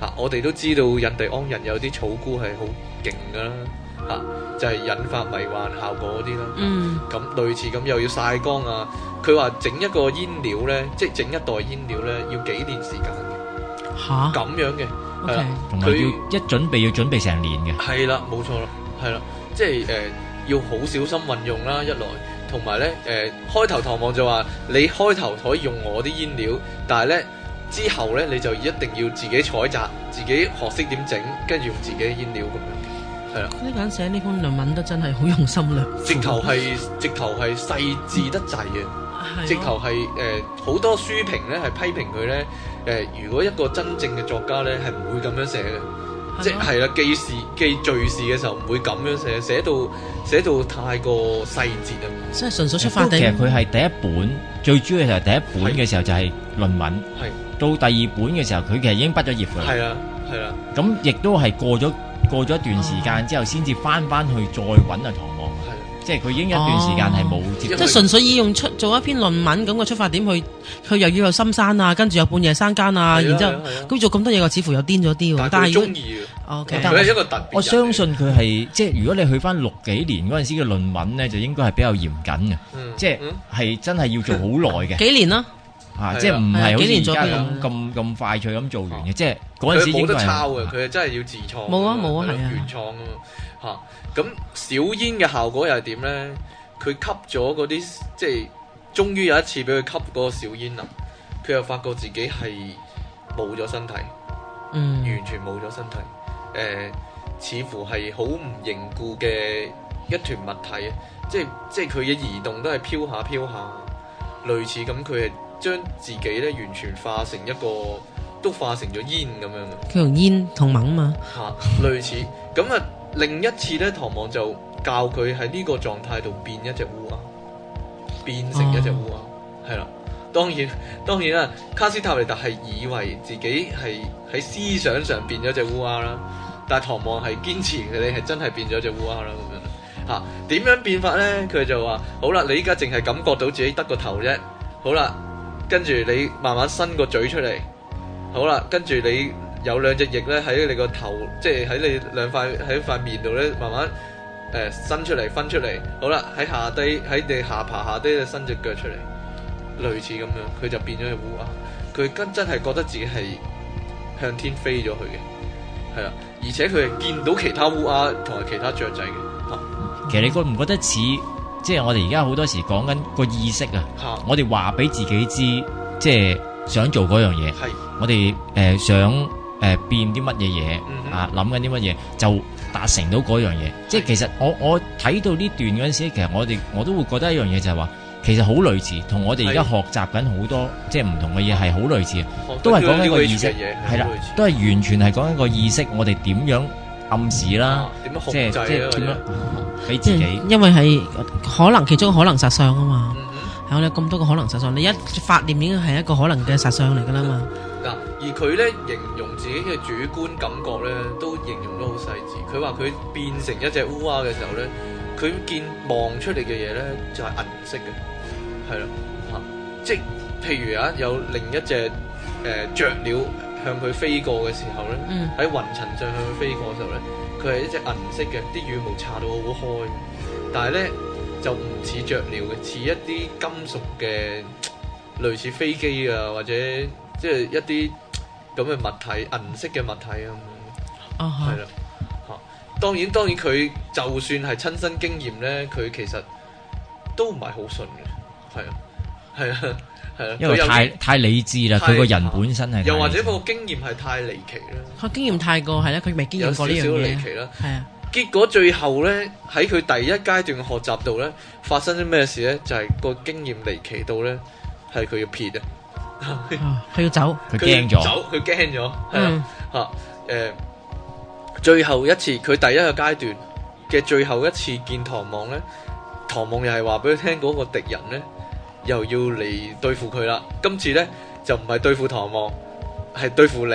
S2: 嚇、啊，我哋都知道印地安人有啲草菇係好勁噶啦。吓、啊，就係、是、引發迷幻效果嗰啲咯。嗯，咁、啊、類似咁又要晒光啊？佢話整一個煙料咧，即係整一袋煙料咧，要幾年時間嘅？吓咁哈樣嘅？誒 Okay.，佢一
S3: 準備要準備成年嘅。係
S2: 啦，冇錯啦，係啦，即係誒，要好小心運用啦，一來同埋咧，誒、呃，開頭唐望就話你開頭可以用我啲煙料，但係咧之後咧你就一定要自己採集，自己學識點整，跟住用自己嘅煙料咁樣。係
S1: 啦，呢個人寫呢本論文都真係好用心啦，直頭係
S2: 直頭係細緻得滯嘅，直頭係誒好多書評咧係批評佢咧，誒、呃、如果一個真正嘅作家咧係唔會咁樣寫嘅，
S4: 即係
S2: 啦記事記敘事嘅時候唔會咁樣寫，寫到寫到太過細緻啊，即係
S3: 純粹出發。其實佢係第一本最主要就係第一本嘅時候就係論文，係到第二本嘅時候佢其實已經畢咗業噶啦，係啊係啦，咁亦都係過咗。過咗一段時間之後，先至翻翻去再搵阿唐望，的即係佢已經一段時間係冇接
S1: 觸。即係純粹以用出做一篇論文咁嘅出發點去，佢又要有深山啊，跟住有半夜山間啊，的然之後佢做咁多嘢，個似乎又癲咗啲。但係
S4: 中意。OK，佢係一個特
S1: 別。我，
S3: 我相信佢係即係，如果你去翻六幾年嗰陣時嘅論文咧，就應該係比較嚴謹嘅，即係、嗯就係、真係要做好耐嘅。幾年啦？即係唔係好似而家咁咁快脆咁做完嘅，即係嗰陣時應該冇得抄
S2: 嘅，佢係真係要自創。冇啊冇啊，原創啊嘛，吓。咁小煙嘅效果又係點咧？佢吸咗嗰啲，即係終於有一次俾佢吸嗰個小煙啊！佢又發覺自己係冇咗身體，
S4: 嗯，完
S2: 全冇咗身體，誒，似乎係好唔凝固嘅一團物體啊！即係即係佢嘅移動都係飄下飄下，類似咁佢係。將自己咧完全化成一個，都化成咗煙咁樣
S1: 嘅。佢用煙同猛嘛
S2: 吓，類似咁啊。另一次咧，唐望就教佢喺呢個狀態度變一隻烏鴉，變成一隻烏鴉，係啦、哦。當然，當然啦，卡斯塔尼達係以為自己係喺思想上變咗隻烏鴉啦，但唐望係堅持佢哋係真係變咗隻烏鴉啦咁樣。吓，點樣變法咧？佢就話：好啦，你依家淨係感覺到自己得個頭啫。好啦。跟住你慢慢伸個嘴出嚟，好啦。跟住你有兩隻翼咧喺你個頭，即係喺你兩塊喺塊面度咧，慢慢誒、呃、伸出嚟，分出嚟，好啦。喺下低喺你下巴下低，伸隻腳出嚟，類似咁樣，佢就變咗隻烏鴉。佢根真係覺得自己係向天飛咗去嘅，係啦。而且佢係見到其他烏鴉同埋其他雀仔嘅。啊、其
S3: 實你覺唔覺得似？即係我哋而家好多時講緊個意識啊，我哋話俾自己知，即係想做嗰樣嘢，我哋誒想誒變啲乜嘢嘢啊，諗緊啲乜嘢就達成到嗰樣嘢。即係其實我我睇到呢段嗰陣時，其實我哋我都會覺得一樣嘢就係話，其實好類似，同我哋而家學習緊好多即係唔同嘅嘢係好類似，都係講緊個意識，係啦，都係完全係講緊個意識，我哋點樣？暗示啦，即係即係點樣控制，俾自己，因為係可能
S1: 其中可能實相啊嘛。係我有咁多個可能實相，你一發念已經係一個可能嘅實相
S4: 嚟噶啦嘛。
S2: 嗱，而佢咧形容自己嘅主觀感覺咧，都形容得好細緻。佢話佢變成一隻烏鴉嘅時候咧，佢見望出嚟嘅嘢咧就係銀色嘅，係啦，吓，即係譬如啊，有另一隻誒雀鳥。向佢飛過嘅時候咧，喺、嗯、雲層上向佢飛過嘅時候咧，佢係一隻銀色嘅，啲羽毛擦到好開。但係咧就唔似雀鳥嘅，似一啲金屬嘅類似飛機啊，或者即係、就是、一啲咁嘅物體銀色嘅物體咁、啊。啊哈，係啦，嚇。當然當然佢就算係親身經驗咧，佢其實都唔係好順嘅，係啊，係啊。因為太太，太理智啦，佢個人本身係，又或者個經驗係太離奇啦，啊。經驗太過係啦，佢未經驗過少少離奇啦，係啊的。結果最後咧，喺佢第一階段嘅學習度咧，發生咗咩事咧？就係、是、個經驗離奇到咧，係佢要撇啊，
S1: 佢要走，佢驚咗，走
S2: 佢驚咗。吓，誒、嗯嗯，最後一次佢第一個階段嘅最後一次見唐望咧，唐望又係話俾佢聽嗰個敵人咧。又要嚟對付佢啦！今次咧就唔係對付唐望，係對付你，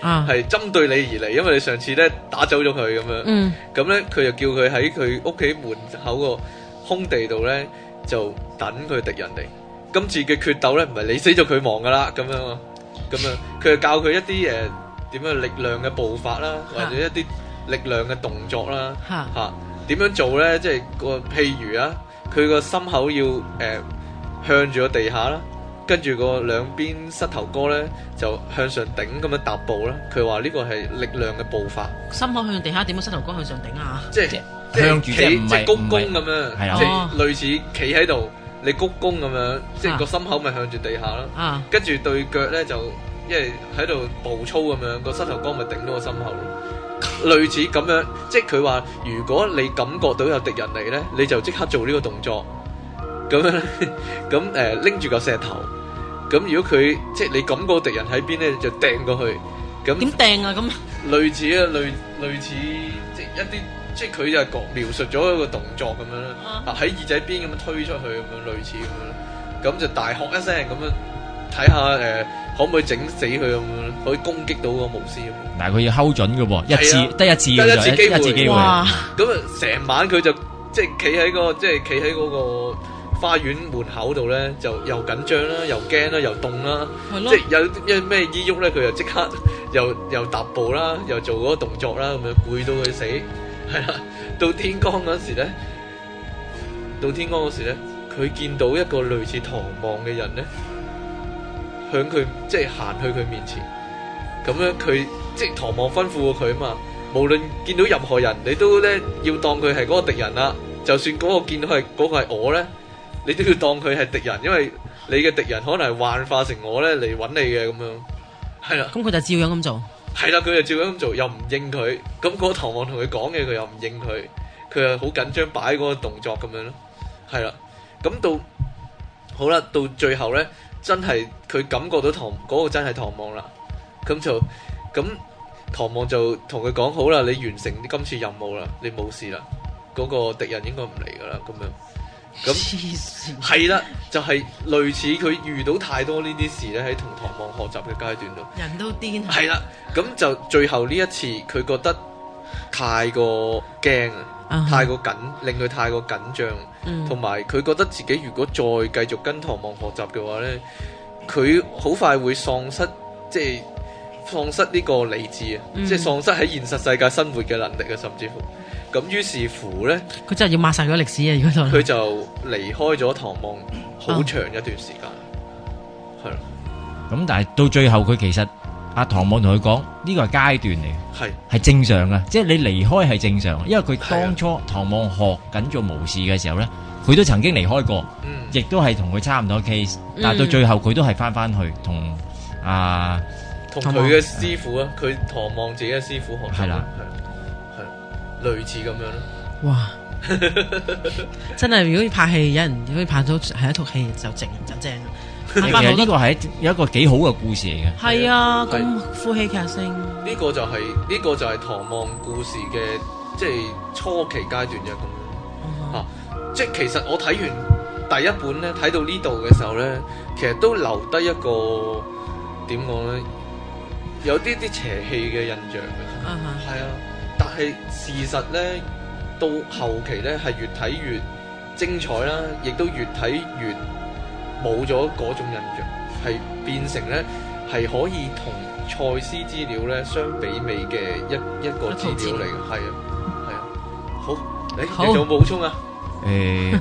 S2: 係針對你而嚟。因為你上次咧打走咗佢咁樣，咁咧佢就叫佢喺佢屋企門口個空地度咧就等佢敵人嚟。今次嘅決鬥咧唔係你死咗佢亡噶啦，咁樣咯，咁樣佢就教佢一啲誒點樣力量嘅步法啦，或者一啲力量嘅動作啦，吓點樣做咧？即係個譬如啊，佢個心口要誒。向住個地下啦，跟住個兩邊膝頭哥咧就向上頂咁樣踏步啦。佢話呢個係力量嘅步伐。
S1: 心口向地下，點樣膝頭哥向上頂啊？即係
S2: 即係企即係鞠躬咁樣，即係類似企喺度，你鞠躬咁樣，即係個心口咪向住地下囉。跟住對腳咧就一係喺度暴粗咁樣，個膝頭哥咪頂到個心口囉。類似咁樣，即係佢話如果你感覺到有敵人嚟咧，你就即刻做呢個動作。咁樣咁誒，拎住、呃、個石頭，咁如果佢即係你感覺敵人喺邊咧，就掟過去。咁點掟啊？咁類似啊，類似類似即係一啲即係佢就係描述咗一個動作咁樣喺、啊、耳仔邊咁推出去咁樣，類似咁樣。咁就大喝一聲咁樣，睇下誒可唔可以整死佢咁樣，可以攻擊到個巫師咁。
S3: 嗱，佢要敲準㗎，一次得、啊、
S2: 一次得一次機會。咁啊哇，成晚佢就即係企喺個，即係企喺嗰個。花園門口度咧，就又緊張啦，又驚啦，又凍啦，係咯，即係有一咩一喐咧，佢就即刻又又踏步啦，又做嗰個動作啦，咁樣攰到佢死，係啦。到天光嗰時咧，到天光嗰時咧，佢見到一個類似唐望嘅人咧，向佢即係行去佢面前，咁樣佢即係唐望吩咐過佢啊嘛，無論見到任何人，你都咧要當佢係嗰個敵人啦，就算嗰個見到係嗰個係我咧。你都要當佢係敵人，因為你嘅敵人可能係幻化成我咧嚟揾你嘅咁樣，
S1: 係啦。咁佢、嗯、就照樣咁做，
S2: 係啦，佢就照樣咁做，又唔應佢。咁嗰個唐望同佢講嘢，佢又唔應佢，佢又好緊張，擺嗰個動作咁樣咯，係啦。咁到好啦，到最後咧，真係佢感覺到唐嗰、嗰個真係唐望啦。咁就咁唐望就同佢講好啦，你完成今次任務啦，你冇事啦，嗰、嗰個敵人應該唔嚟噶啦，咁樣。咁係啦，就係、是、類似佢遇到太多呢啲事咧，喺同唐望學習嘅階段度。
S1: 人都癲，係啦，
S2: 咁就最後呢一次，佢覺得太過驚啊，uh huh. 太過緊，令佢太過緊張，同埋佢覺得自己如果再繼續跟唐望學習嘅話呢，佢好快會喪失，即係喪失呢個理智啊，uh huh. 即係喪失喺現實世界生活嘅能力啊，甚至乎。咁於是乎咧，
S1: 佢真係要抹晒佢歷史啊！如果就佢
S2: 就離開咗唐望好長一段時間，係
S3: 咯。咁但係到最後，佢其實阿唐望同佢講，呢個係階段嚟，係係是的 正常嘅，即係你離開係正常。因為佢當初是的 唐望學緊做巫士嘅時候咧，佢都曾經離開過，嗯、亦都係同佢差唔多 case。嗯、但係到最後，佢都係翻翻去同阿
S1: 同佢嘅師
S2: 傅啊，佢唐望自己嘅師傅學。類似咁樣咯，哇！
S1: 真係如果拍戲有人如果以拍到係一套戲就正就正啦 。
S2: 其實呢
S3: 個係有一個幾好嘅故
S1: 事
S2: 嚟嘅。係啊，咁呼氣劇星呢個就係、是、呢、這個就係唐望故事嘅即係初期階段嘅咁樣。吓、嗯哼啊，即係其實我睇完第一本咧，睇到呢度嘅時候咧，其實都留得一個點講咧，有啲啲邪氣嘅印象。啊係、嗯、哼啊。係事實咧，到後期咧係越睇越精彩啦，亦都越睇越冇咗嗰種印象，係變成咧係可以同賽斯資料咧相比美嘅一一個資料嚟嘅，係啊，係啊，好，誒、欸，好你仲有冇補充啊？
S3: 誒、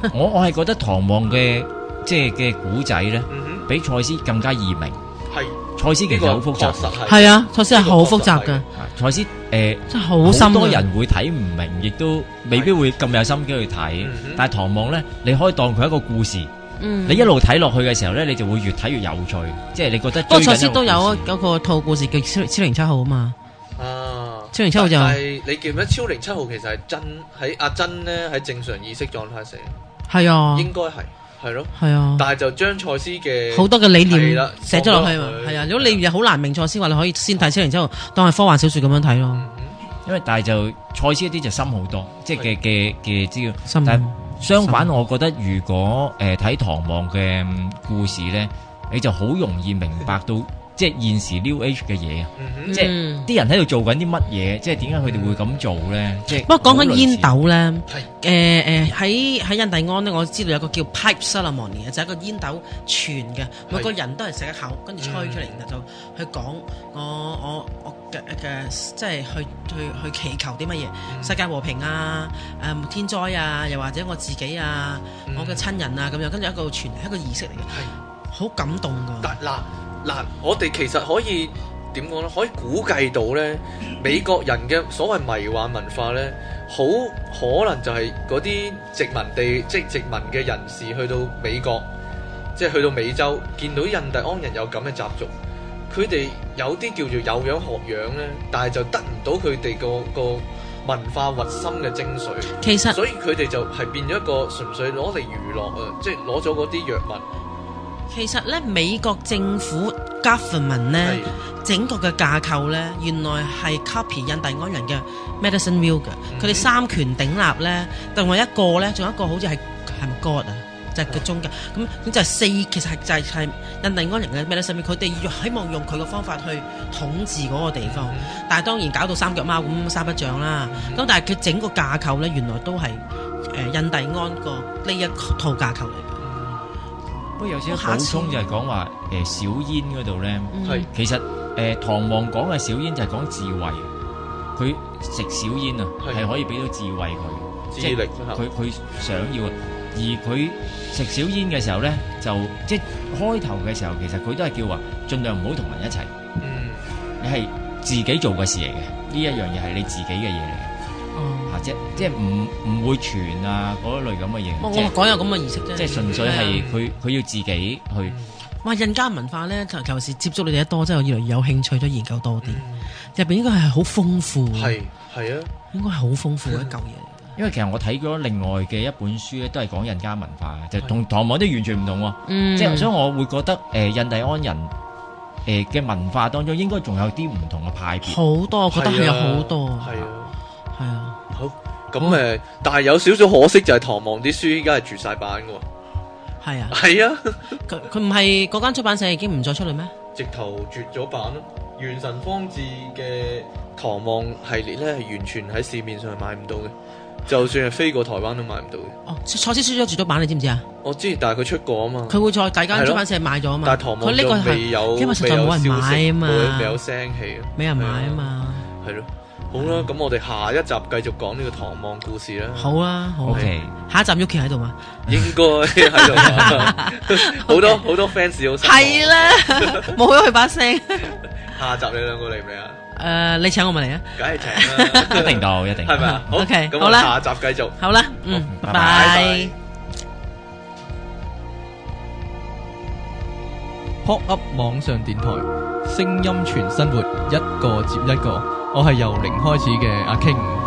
S3: 呃，我我係覺得唐望嘅即係嘅古仔咧， 比賽斯更加易明，係賽斯其實好複雜，係啊，賽斯係好複雜噶，賽斯、啊。 誒，呃、真係好深，好多人會睇唔明，亦都未必會咁有心機去睇。嗯、哼但係《唐望》咧，你可以當佢一個故事，嗯、你一路睇落去嘅時候咧，你就會越睇越有趣。即係你覺得，不過上次
S1: 都有啊，有個套故事叫超《超超零七號》啊嘛。
S2: 啊，超零七號，啊、零七號就係你記唔記得《超零七號》其實係真喺阿珍咧喺正常意識狀態寫，
S1: 係啊，應
S2: 該係。係咯，係啊，但係就將賽斯嘅好多嘅理念寫咗落去，係啊的的，
S1: 如果你又好難明賽斯話，你可以先睇先然之後當係科幻小說咁樣睇咯，嗯嗯嗯、
S2: 因為但係就
S3: 賽斯一啲就深好多，即係嘅嘅嘅資料。但相反，我覺得如果誒睇唐望嘅故事咧，你就好容易明白到、嗯。即係現時 new age 嘅嘢、mm hmm.，即係啲人喺度做緊啲乜嘢？即係點解佢哋會咁做咧？即係，不過講緊煙斗
S1: 咧，誒誒
S3: 喺喺印第安咧，我知道有個
S1: 叫 pipe ceremony 嘅，就係一個煙斗傳嘅，每個人都係食一口，跟住吹出嚟是就去講我我我嘅即係去去去祈求啲乜嘢， 世界和平啊，誒、呃、天災啊，又或者我自己啊， 我嘅親人啊咁樣，跟住一個傳係一,一個儀式嚟嘅，
S2: 好感動㗎。嗱。 嗱，我哋其實可以點講咧？可以估計到咧，美國人嘅所謂迷幻文化咧，好可能就係嗰啲殖民地即殖民嘅人士去到美國，即係去到美洲，見到印第安人有咁嘅習俗，佢哋有啲叫做有樣學樣咧，但係就得唔到佢哋個個文化核心嘅精髓。其實，所以佢哋就係變咗一個純粹攞嚟娛樂啊！即係攞咗嗰啲藥物。
S1: 其實咧，美國政府 government 咧，的整個嘅架構咧，原來係 copy 印第安人嘅 medicine wheel 佢哋、mm hmm. 三權鼎立咧，另外一個咧，仲有一個好似係係咪 god 啊，哦、就係佢中間。咁，咁就四其實係就係印第安人嘅 medicine wheel。佢哋希望用佢嘅方法去統治嗰個地方，mm hmm. 但係當然搞到三腳貓咁三不像啦。咁、mm hmm. 但係佢整個架構咧，原來都係誒印第安個呢一套架構嚟。有少少補充就
S3: 係講話誒小煙嗰度咧，係、mm hmm. 其實誒、呃、唐望講嘅小煙就係講智慧，佢食小煙啊係、mm hmm. 可以俾到智慧佢的，
S4: 即係佢佢
S3: 想要啊。而佢食小煙嘅時候咧，就即係開頭嘅時候，其實佢都係叫話盡量唔好同人一齊。嗯、
S4: mm，hmm.
S3: 你係自己做嘅事嚟嘅，呢一樣嘢係你自己嘅嘢嚟。即即係唔唔會傳啊嗰一類咁嘅嘢，我我講有
S1: 咁嘅意識啫，即係純粹係佢
S3: 佢要自己去。
S1: 哇！印加文化咧，就尤其是接觸你哋得多，真係越嚟越有興趣，都研究多啲。入邊應該係好豐富，係
S3: 係啊，應該係
S1: 好豐富嘅一
S3: 嚿嘢嚟。因為其實我睇咗另外嘅一本書咧，都係講印加文化，就同唐望都完全唔同。嗯，即係所以我會覺得誒，印第安人誒
S2: 嘅文化當中，應該仲有啲唔同嘅派別，好多，我覺得係有好多，係啊。好咁誒，但係有少少可惜就係唐望啲書依家係絕晒版噶喎。係啊，係啊，
S1: 佢佢唔係嗰間出版社已經唔再出嚟咩？
S2: 直頭絕咗版咯。元神方智嘅唐望系列咧，係完全喺市面上係買唔到嘅，就算係飛過台灣都買唔到嘅。哦，錯司
S1: 書咗絕咗版，你知唔知啊？
S2: 我知，但係佢出過啊嘛，佢會再第間出版社買咗啊嘛。但係唐望佢呢個因為實在冇人買啊嘛，佢未有聲氣，冇人買啊嘛，係咯。好啦，咁我哋下一集繼續講呢個唐望故事啦。好啊，好。O K，
S1: 下一集沃奇喺度嘛？
S2: 應該喺度嘛？好多好多 fans 好心。係啦，冇咗佢把聲。下集你兩個
S1: 嚟唔嚟啊？誒，你請我咪嚟啊？梗係請啦，一定到，一
S2: 定。係咪啊？好，咁好啦，下集繼續。好啦，嗯，拜拜。Pop Up 網上電台，聲音傳生活，一個接一個。我係由零開始嘅阿 King。